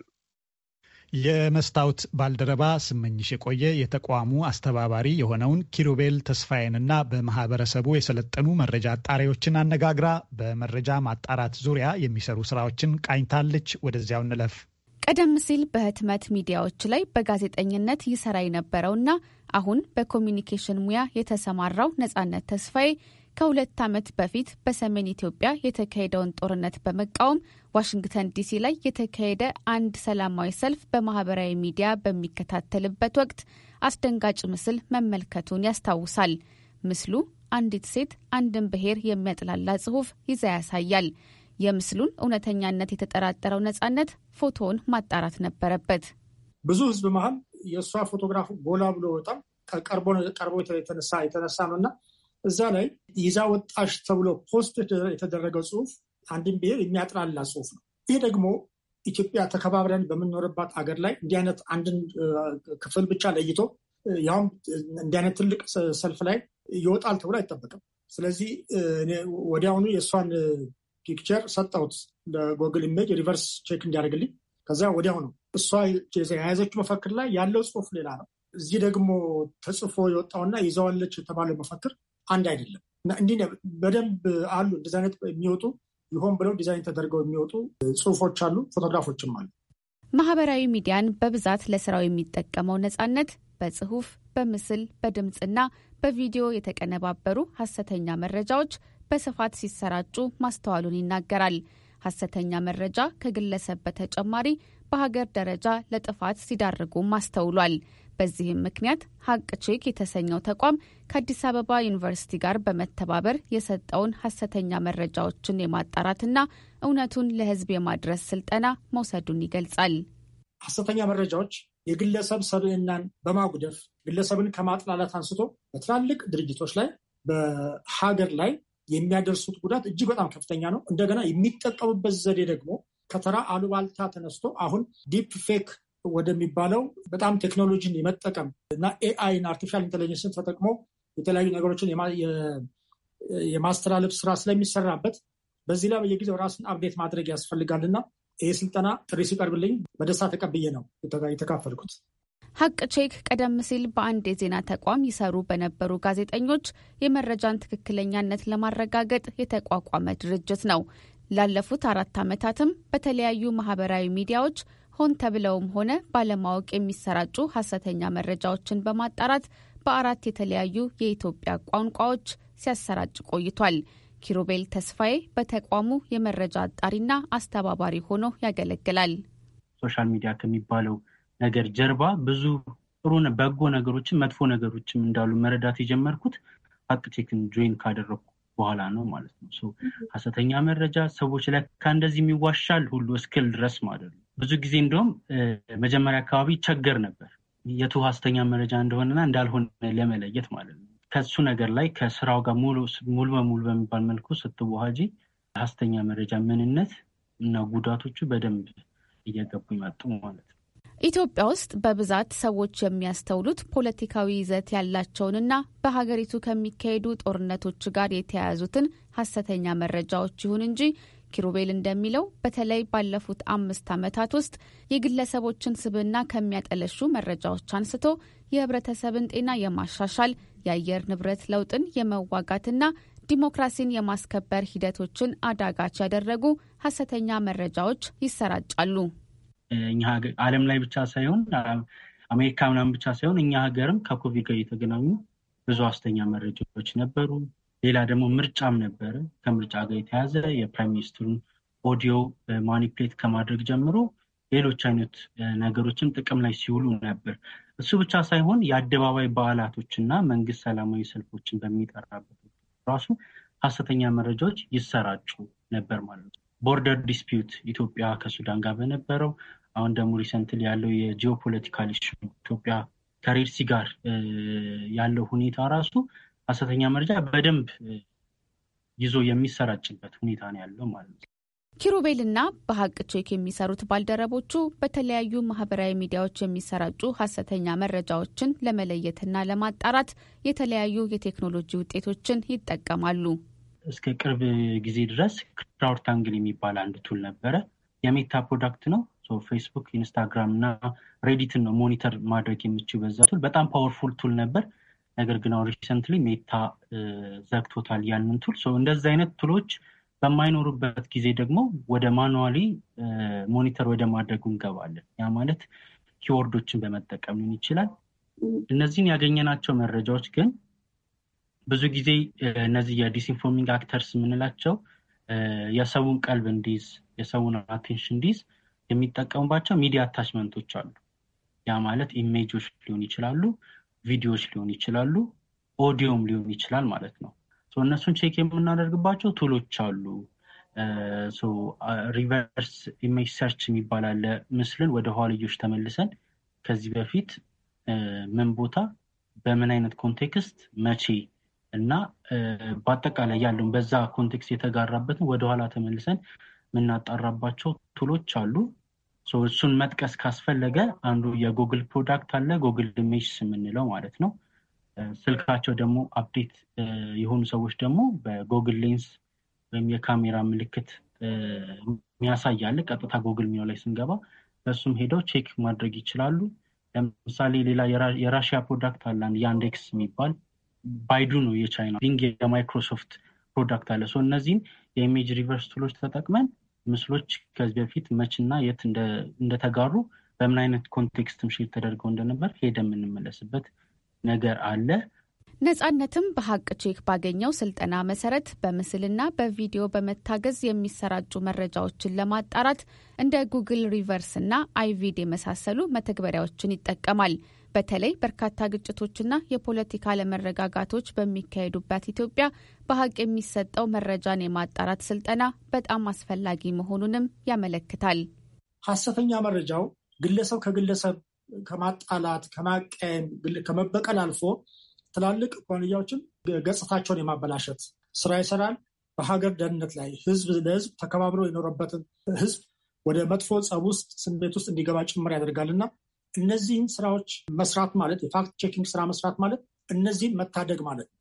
የመስታወት ባልደረባ ስመኝሽ የቆየ የተቋሙ አስተባባሪ የሆነውን ኪሩቤል ተስፋዬንና በማህበረሰቡ የሰለጠኑ መረጃ አጣሪዎችን አነጋግራ በመረጃ ማጣራት ዙሪያ የሚሰሩ ስራዎችን ቃኝታለች። ወደዚያው እንለፍ። ቀደም ሲል በህትመት ሚዲያዎች ላይ በጋዜጠኝነት ይሰራ የነበረውና አሁን በኮሚኒኬሽን ሙያ የተሰማራው ነጻነት ተስፋዬ ከሁለት ዓመት በፊት በሰሜን ኢትዮጵያ የተካሄደውን ጦርነት በመቃወም ዋሽንግተን ዲሲ ላይ የተካሄደ አንድ ሰላማዊ ሰልፍ በማህበራዊ ሚዲያ በሚከታተልበት ወቅት አስደንጋጭ ምስል መመልከቱን ያስታውሳል። ምስሉ አንዲት ሴት አንድን ብሔር የሚያጥላላ ጽሑፍ ይዛ ያሳያል። የምስሉን እውነተኛነት የተጠራጠረው ነጻነት ፎቶውን ማጣራት ነበረበት። ብዙ ህዝብ መሀል የእሷ ፎቶግራፍ ጎላ ብሎ በጣም ቀርቦ የተነሳ ነው እና እዛ ላይ ይዛ ወጣሽ ተብሎ ፖስት የተደረገ ጽሁፍ አንድን ብሔር የሚያጥላላ ጽሁፍ ነው። ይህ ደግሞ ኢትዮጵያ ተከባብረን በምንኖርባት አገር ላይ እንዲህ አይነት አንድን ክፍል ብቻ ለይቶ ያውም እንዲህ አይነት ትልቅ ሰልፍ ላይ ይወጣል ተብሎ አይጠበቅም። ስለዚህ ወዲያውኑ የእሷን ፒክቸር ሰጠሁት ለጎግል ኢሜጅ ሪቨርስ ቼክ እንዲያደርግልኝ። ከዚያ ወዲያውኑ እሷ የያዘችው መፈክር ላይ ያለው ጽሁፍ ሌላ ነው። እዚህ ደግሞ ተጽፎ የወጣውና ይዘዋለች የተባለው መፈክር አንድ አይደለም። እንዲ በደንብ አሉ እንደዚ አይነት የሚወጡ ይሆን ብለው ዲዛይን ተደርገው የሚወጡ ጽሁፎች አሉ፣ ፎቶግራፎችም አሉ። ማህበራዊ ሚዲያን በብዛት ለስራው የሚጠቀመው ነጻነት በጽሁፍ በምስል በድምፅና በቪዲዮ የተቀነባበሩ ሀሰተኛ መረጃዎች በስፋት ሲሰራጩ ማስተዋሉን ይናገራል። ሀሰተኛ መረጃ ከግለሰብ በተጨማሪ በሀገር ደረጃ ለጥፋት ሲዳርጉም አስተውሏል። በዚህም ምክንያት ሀቅ ቼክ የተሰኘው ተቋም ከአዲስ አበባ ዩኒቨርሲቲ ጋር በመተባበር የሰጠውን ሀሰተኛ መረጃዎችን የማጣራትና እውነቱን ለሕዝብ የማድረስ ስልጠና መውሰዱን ይገልጻል። ሀሰተኛ መረጃዎች የግለሰብ ሰብዕናን በማጉደፍ ግለሰብን ከማጥላላት አንስቶ በትላልቅ ድርጅቶች ላይ በሀገር ላይ የሚያደርሱት ጉዳት እጅግ በጣም ከፍተኛ ነው። እንደገና የሚጠቀሙበት ዘዴ ደግሞ ከተራ አሉባልታ ተነስቶ አሁን ዲፕ ፌክ ወደሚባለው በጣም ቴክኖሎጂን የመጠቀም እና ኤአይን አርቲፊሻል ኢንቴሊጀንስን ተጠቅሞ የተለያዩ ነገሮችን የማስተላለፍ ስራ ስለሚሰራበት በዚህ ላይ በየጊዜው ራስን አፕዴት ማድረግ ያስፈልጋልና ይህ ስልጠና ጥሪ ሲቀርብልኝ በደስታ ተቀብዬ ነው የተካፈልኩት። ሀቅ ቼክ ቀደም ሲል በአንድ የዜና ተቋም ይሰሩ በነበሩ ጋዜጠኞች የመረጃን ትክክለኛነት ለማረጋገጥ የተቋቋመ ድርጅት ነው። ላለፉት አራት ዓመታትም በተለያዩ ማህበራዊ ሚዲያዎች ሆን ተብለውም ሆነ ባለማወቅ የሚሰራጩ ሀሰተኛ መረጃዎችን በማጣራት በአራት የተለያዩ የኢትዮጵያ ቋንቋዎች ሲያሰራጭ ቆይቷል። ኪሩቤል ተስፋዬ በተቋሙ የመረጃ አጣሪና አስተባባሪ ሆኖ ያገለግላል። ሶሻል ሚዲያ ከሚባለው ነገር ጀርባ ብዙ ጥሩ በጎ ነገሮችን መጥፎ ነገሮችም እንዳሉ መረዳት የጀመርኩት ፋክቼክን ጆይን ካደረግኩ በኋላ ነው ማለት ነው። ሀሰተኛ መረጃ ሰዎች ለካ እንደዚህ የሚዋሻል ሁሉ እስክል ድረስ ማለት ነው ብዙ ጊዜ እንደውም መጀመሪያ አካባቢ ቸገር ነበር የቱ ሐሰተኛ መረጃ እንደሆነና እንዳልሆነ ለመለየት ማለት ነው። ከሱ ነገር ላይ ከስራው ጋር ሙሉ በሙሉ በሚባል መልኩ ስትዋሃጂ ሐሰተኛ መረጃ ምንነት እና ጉዳቶቹ በደንብ እየገቡ ይመጡ ማለት ነው። ኢትዮጵያ ውስጥ በብዛት ሰዎች የሚያስተውሉት ፖለቲካዊ ይዘት ያላቸውንና በሀገሪቱ ከሚካሄዱ ጦርነቶች ጋር የተያያዙትን ሐሰተኛ መረጃዎች ይሁን እንጂ ኪሩቤል እንደሚለው በተለይ ባለፉት አምስት ዓመታት ውስጥ የግለሰቦችን ስብዕና ከሚያጠለሹ መረጃዎች አንስቶ የህብረተሰብን ጤና የማሻሻል የአየር ንብረት ለውጥን የመዋጋትና ዲሞክራሲን የማስከበር ሂደቶችን አዳጋች ያደረጉ ሀሰተኛ መረጃዎች ይሰራጫሉ። እኛ ዓለም ላይ ብቻ ሳይሆን አሜሪካ ምናምን ብቻ ሳይሆን እኛ ሀገርም ከኮቪድ ጋር የተገናኙ ብዙ ሀሰተኛ መረጃዎች ነበሩ። ሌላ ደግሞ ምርጫም ነበረ። ከምርጫ ጋር የተያዘ የፕራይም ሚኒስትሩን ኦዲዮ ማኒፕሌት ከማድረግ ጀምሮ ሌሎች አይነት ነገሮችም ጥቅም ላይ ሲውሉ ነበር። እሱ ብቻ ሳይሆን የአደባባይ በዓላቶች እና መንግስት ሰላማዊ ሰልፎችን በሚጠራበት ራሱ ሀሰተኛ መረጃዎች ይሰራጩ ነበር ማለት ነው። ቦርደር ዲስፒዩት ኢትዮጵያ ከሱዳን ጋር በነበረው አሁን ደግሞ ሪሰንትል ያለው የጂኦፖለቲካል ኢሹ ኢትዮጵያ ከሬድ ጋር ያለው ሁኔታ ራሱ ሀሰተኛ መረጃ በደንብ ይዞ የሚሰራጭበት ሁኔታ ነው ያለው ማለት ነው። ኪሩቤልና በሀቅ ቼክ የሚሰሩት ባልደረቦቹ በተለያዩ ማህበራዊ ሚዲያዎች የሚሰራጩ ሀሰተኛ መረጃዎችን ለመለየትና ለማጣራት የተለያዩ የቴክኖሎጂ ውጤቶችን ይጠቀማሉ። እስከ ቅርብ ጊዜ ድረስ ክራውድታንግል የሚባል አንድ ቱል ነበረ። የሜታ ፕሮዳክት ነው። ፌስቡክ፣ ኢንስታግራም እና ሬዲትን ነው ሞኒተር ማድረግ የምችው በዛ ቱል። በጣም ፓወርፉል ቱል ነበር። ነገር ግን አሁን ሪሰንትሊ ሜታ ዘግቶታል ያንን ቱል። እንደዚህ አይነት ቱሎች በማይኖሩበት ጊዜ ደግሞ ወደ ማኑዋሊ ሞኒተር ወደ ማድረጉ እንገባለን። ያ ማለት ኪወርዶችን በመጠቀም ሊሆን ይችላል። እነዚህን ያገኘናቸው መረጃዎች ግን ብዙ ጊዜ እነዚህ የዲስኢንፎርሚንግ አክተርስ የምንላቸው የሰውን ቀልብ እንዲይዝ የሰውን አቴንሽን እንዲይዝ የሚጠቀሙባቸው ሚዲያ አታችመንቶች አሉ። ያ ማለት ኢሜጆች ሊሆን ይችላሉ ቪዲዮዎች ሊሆን ይችላሉ፣ ኦዲዮም ሊሆን ይችላል ማለት ነው። እነሱን ቼክ የምናደርግባቸው ቱሎች አሉ። ሪቨርስ ኢሜጅ ሰርች የሚባል አለ። ምስልን ወደ ኋልዮች ተመልሰን ከዚህ በፊት ምን ቦታ በምን አይነት ኮንቴክስት መቼ እና በአጠቃላይ ያለውን በዛ ኮንቴክስት የተጋራበትን ወደኋላ ተመልሰን የምናጣራባቸው ቱሎች አሉ። እሱን መጥቀስ ካስፈለገ አንዱ የጉግል ፕሮዳክት አለ፣ ጉግል ኢሜጅስ የምንለው ማለት ነው። ስልካቸው ደግሞ አፕዴት የሆኑ ሰዎች ደግሞ በጉግል ሌንስ ወይም የካሜራ ምልክት የሚያሳይ ቀጥታ ጉግል ሚው ላይ ስንገባ በእሱም ሄደው ቼክ ማድረግ ይችላሉ። ለምሳሌ ሌላ የራሽያ ፕሮዳክት አለ፣ አንድ ያንዴክስ የሚባል ባይዱ ነው የቻይና ቢንግ የማይክሮሶፍት ፕሮዳክት አለ። እነዚህም የኢሜጅ ሪቨርስ ቱሎች ተጠቅመን ምስሎች ከዚህ በፊት መችና የት እንደተጋሩ በምን አይነት ኮንቴክስትም ሼር ተደርገው እንደነበር ሄደ የምንመለስበት ነገር አለ። ነጻነትም በሀቅ ቼክ ባገኘው ስልጠና መሰረት በምስልና በቪዲዮ በመታገዝ የሚሰራጩ መረጃዎችን ለማጣራት እንደ ጉግል ሪቨርስ እና አይቪድ የመሳሰሉ መተግበሪያዎችን ይጠቀማል። በተለይ በርካታ ግጭቶችና የፖለቲካ አለመረጋጋቶች በሚካሄዱባት ኢትዮጵያ በሀቅ የሚሰጠው መረጃን የማጣራት ስልጠና በጣም አስፈላጊ መሆኑንም ያመለክታል። ሀሰተኛ መረጃው ግለሰብ ከግለሰብ ከማጣላት፣ ከማቀየም፣ ከመበቀል አልፎ ትላልቅ ኩባንያዎችን ገጽታቸውን የማበላሸት ስራ ይሰራል። በሀገር ደህንነት ላይ ህዝብ ለህዝብ ተከባብሮ የኖረበትን ህዝብ ወደ መጥፎ ጸብ ውስጥ ስሜት ውስጥ እንዲገባ ጭምር ያደርጋልና እነዚህን ስራዎች መስራት ማለት የፋክት ቼኪንግ ስራ መስራት ማለት እነዚህን መታደግ ማለት ነው።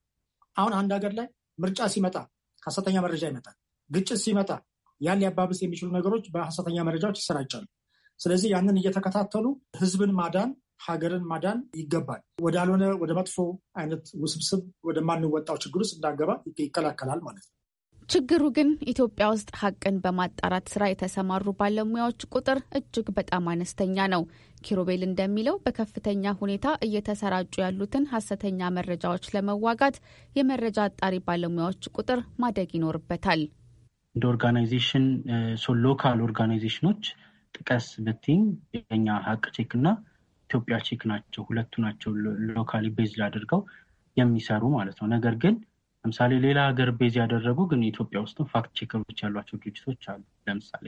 አሁን አንድ ሀገር ላይ ምርጫ ሲመጣ ከሀሰተኛ መረጃ ይመጣል። ግጭት ሲመጣ ያን ሊያባብስ የሚችሉ ነገሮች በሀሰተኛ መረጃዎች ይሰራጫሉ። ስለዚህ ያንን እየተከታተሉ ህዝብን ማዳን፣ ሀገርን ማዳን ይገባል። ወዳልሆነ ወደ መጥፎ አይነት ውስብስብ ወደማንወጣው ችግር ውስጥ እንዳገባ ይከላከላል ማለት ነው። ችግሩ ግን ኢትዮጵያ ውስጥ ሀቅን በማጣራት ስራ የተሰማሩ ባለሙያዎች ቁጥር እጅግ በጣም አነስተኛ ነው። ኪሮቤል እንደሚለው በከፍተኛ ሁኔታ እየተሰራጩ ያሉትን ሀሰተኛ መረጃዎች ለመዋጋት የመረጃ አጣሪ ባለሙያዎች ቁጥር ማደግ ይኖርበታል። እንደ ኦርጋናይዜሽን ሎካል ኦርጋናይዜሽኖች ጥቀስ ብትኝ የኛ ሀቅ ቼክ እና ኢትዮጵያ ቼክ ናቸው። ሁለቱ ናቸው ሎካሊ ቤዝ አድርገው የሚሰሩ ማለት ነው። ነገር ግን ለምሳሌ ሌላ ሀገር ቤዝ ያደረጉ ግን ኢትዮጵያ ውስጥም ፋክት ቼከሮች ያሏቸው ድርጅቶች አሉ። ለምሳሌ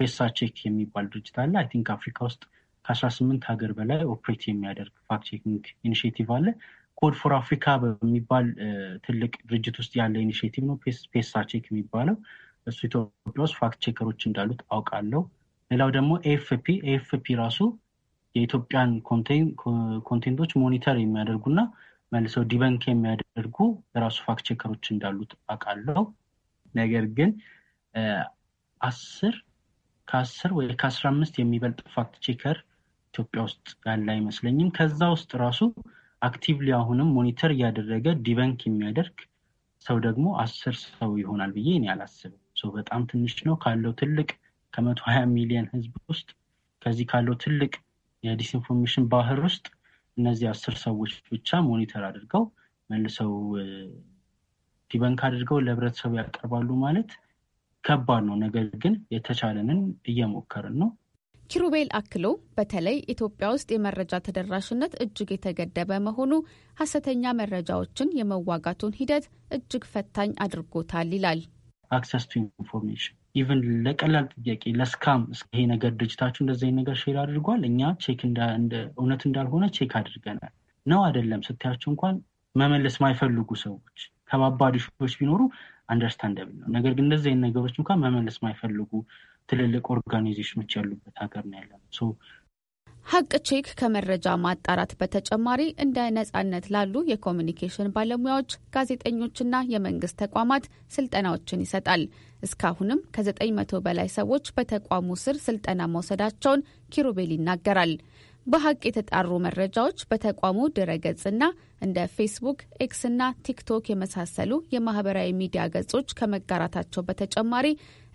ፔሳ ቼክ የሚባል ድርጅት አለ። አይ ቲንክ አፍሪካ ውስጥ ከአስራ ስምንት ሀገር በላይ ኦፕሬት የሚያደርግ ፋክት ቼኪንግ ኢኒሽቲቭ አለ። ኮድ ፎር አፍሪካ በሚባል ትልቅ ድርጅት ውስጥ ያለ ኢኒሽቲቭ ነው ፔሳ ቼክ የሚባለው። እሱ ኢትዮጵያ ውስጥ ፋክት ቼከሮች እንዳሉት አውቃለሁ። ሌላው ደግሞ ኤፍፒ ኤፍፒ ራሱ የኢትዮጵያን ኮንቴንቶች ሞኒተር የሚያደርጉና መልሰው ዲበንክ የሚያደርጉ የራሱ ፋክት ቼከሮች እንዳሉት አውቃለሁ። ነገር ግን አስር ከአስር ወይ ከአስራ አምስት የሚበልጥ ፋክት ቼከር ኢትዮጵያ ውስጥ ያለ አይመስለኝም። ከዛ ውስጥ ራሱ አክቲቭሊ አሁንም ሞኒተር እያደረገ ዲበንክ የሚያደርግ ሰው ደግሞ አስር ሰው ይሆናል ብዬ እኔ አላስብም። በጣም ትንሽ ነው ካለው ትልቅ ከመቶ ሀያ ሚሊዮን ህዝብ ውስጥ ከዚህ ካለው ትልቅ የዲስኢንፎርሜሽን ባህር ውስጥ እነዚህ አስር ሰዎች ብቻ ሞኒተር አድርገው መልሰው ዲበንክ አድርገው ለህብረተሰቡ ያቀርባሉ ማለት ከባድ ነው። ነገር ግን የተቻለንን እየሞከርን ነው። ኪሩቤል አክሎ በተለይ ኢትዮጵያ ውስጥ የመረጃ ተደራሽነት እጅግ የተገደበ መሆኑ ሀሰተኛ መረጃዎችን የመዋጋቱን ሂደት እጅግ ፈታኝ አድርጎታል ይላል። አክሰስ ቱ ኢንፎርሜሽን ኢቨን ለቀላል ጥያቄ ለስካም ይሄ ነገር ድርጅታችሁ እንደዚህ ነገር ሼር አድርጓል፣ እኛ ቼክ እውነት እንዳልሆነ ቼክ አድርገናል ነው አይደለም ስታያቸው እንኳን መመለስ ማይፈልጉ ሰዎች ከባባድ ሾች ቢኖሩ አንደርስታንደብል ነው። ነገር ግን እንደዚህ አይነት ነገሮች እንኳን መመለስ ማይፈልጉ ትልልቅ ኦርጋናይዜሽኖች ያሉበት ሀገር ነው ያለ ነው። ሀቅ ቼክ ከመረጃ ማጣራት በተጨማሪ እንደ ነጻነት ላሉ የኮሚኒኬሽን ባለሙያዎች፣ ጋዜጠኞችና የመንግስት ተቋማት ስልጠናዎችን ይሰጣል። እስካሁንም ከ900 በላይ ሰዎች በተቋሙ ስር ስልጠና መውሰዳቸውን ኪሩቤል ይናገራል። በሀቅ የተጣሩ መረጃዎች በተቋሙ ድረገጽና እንደ ፌስቡክ፣ ኤክስ ና ቲክቶክ የመሳሰሉ የማህበራዊ ሚዲያ ገጾች ከመጋራታቸው በተጨማሪ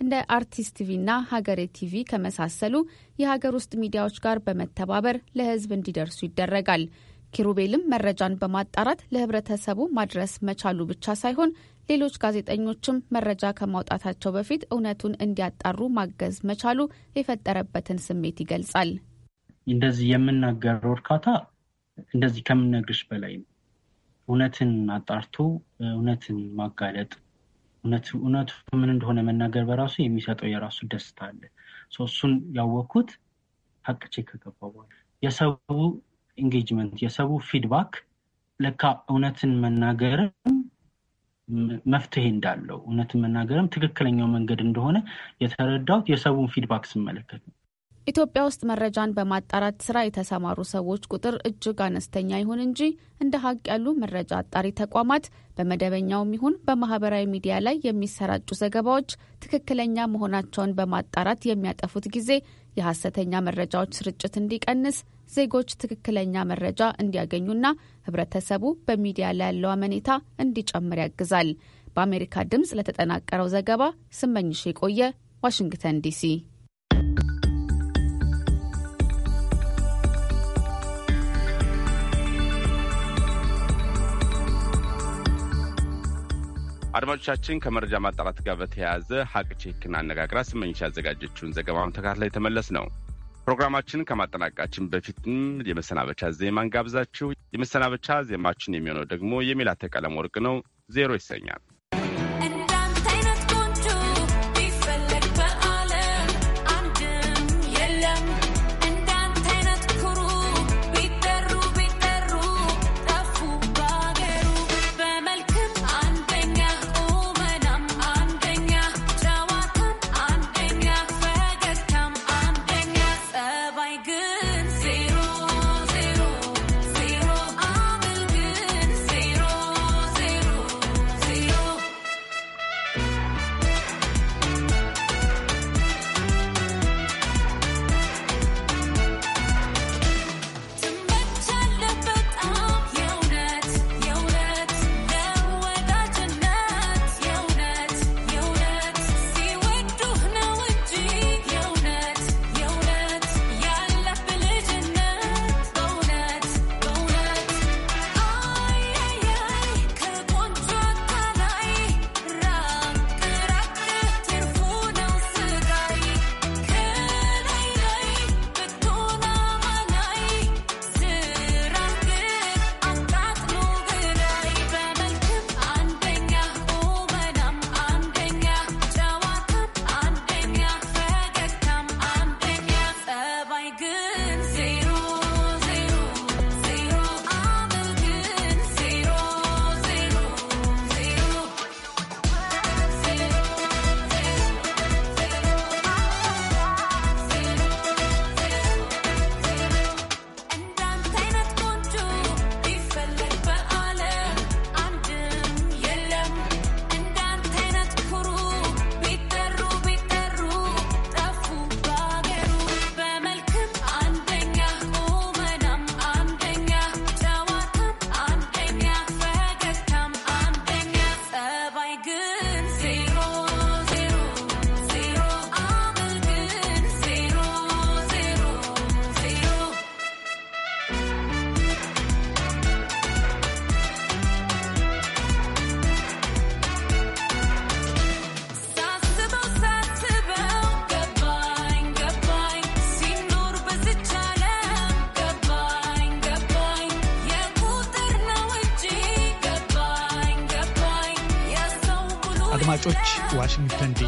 እንደ አርቲስት ቲቪና ሀገሬ ቲቪ ከመሳሰሉ የሀገር ውስጥ ሚዲያዎች ጋር በመተባበር ለህዝብ እንዲደርሱ ይደረጋል። ኪሩቤልም መረጃን በማጣራት ለህብረተሰቡ ማድረስ መቻሉ ብቻ ሳይሆን ሌሎች ጋዜጠኞችም መረጃ ከማውጣታቸው በፊት እውነቱን እንዲያጣሩ ማገዝ መቻሉ የፈጠረበትን ስሜት ይገልጻል። እንደዚህ የምናገረው እርካታ እንደዚህ ከምነግርሽ በላይ ነው። እውነትን አጣርቶ እውነትን ማጋለጥ እውነቱ ምን እንደሆነ መናገር በራሱ የሚሰጠው የራሱ ደስታ አለ። እሱን ያወቅኩት ሀቅቼ ከገባ በኋላ ኢንጌጅመንት፣ የሰቡ ፊድባክ ለካ እውነትን መናገርም መፍትሄ እንዳለው እውነትን መናገርም ትክክለኛው መንገድ እንደሆነ የተረዳሁት የሰውን ፊድባክ ስመለከት ነው። ኢትዮጵያ ውስጥ መረጃን በማጣራት ስራ የተሰማሩ ሰዎች ቁጥር እጅግ አነስተኛ ይሁን እንጂ እንደ ሀቅ ያሉ መረጃ አጣሪ ተቋማት በመደበኛውም ይሁን በማህበራዊ ሚዲያ ላይ የሚሰራጩ ዘገባዎች ትክክለኛ መሆናቸውን በማጣራት የሚያጠፉት ጊዜ የሐሰተኛ መረጃዎች ስርጭት እንዲቀንስ ዜጎች ትክክለኛ መረጃ እንዲያገኙና ህብረተሰቡ በሚዲያ ላይ ያለው አመኔታ እንዲጨምር ያግዛል። በአሜሪካ ድምፅ ለተጠናቀረው ዘገባ ስመኝሽ የቆየ ዋሽንግተን ዲሲ። አድማጮቻችን ከመረጃ ማጣራት ጋር በተያያዘ ሀቅቼ ህክና አነጋግራ ስመኝሽ ያዘጋጀችውን ዘገባውን ተካትላ የተመለስ ነው። ፕሮግራማችንን ከማጠናቀቃችን በፊትም የመሰናበቻ ዜማን ጋብዛችሁ የመሰናበቻ ዜማችን የሚሆነው ደግሞ የሜላተ ቀለም ወርቅ ነው። ዜሮ ይሰኛል።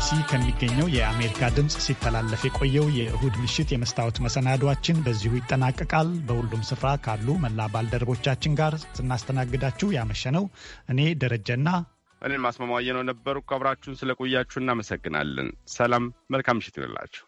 ዲሲ ከሚገኘው የአሜሪካ ድምፅ ሲተላለፍ የቆየው የእሁድ ምሽት የመስታወት መሰናዷችን በዚሁ ይጠናቀቃል። በሁሉም ስፍራ ካሉ መላ ባልደረቦቻችን ጋር ስናስተናግዳችሁ ነው እኔ ደረጀና እኔን ማስማማየ ነው ነበሩ። ከብራችሁን ስለቆያችሁ እናመሰግናለን። ሰላም፣ መልካም ምሽት ይሁንላችሁ።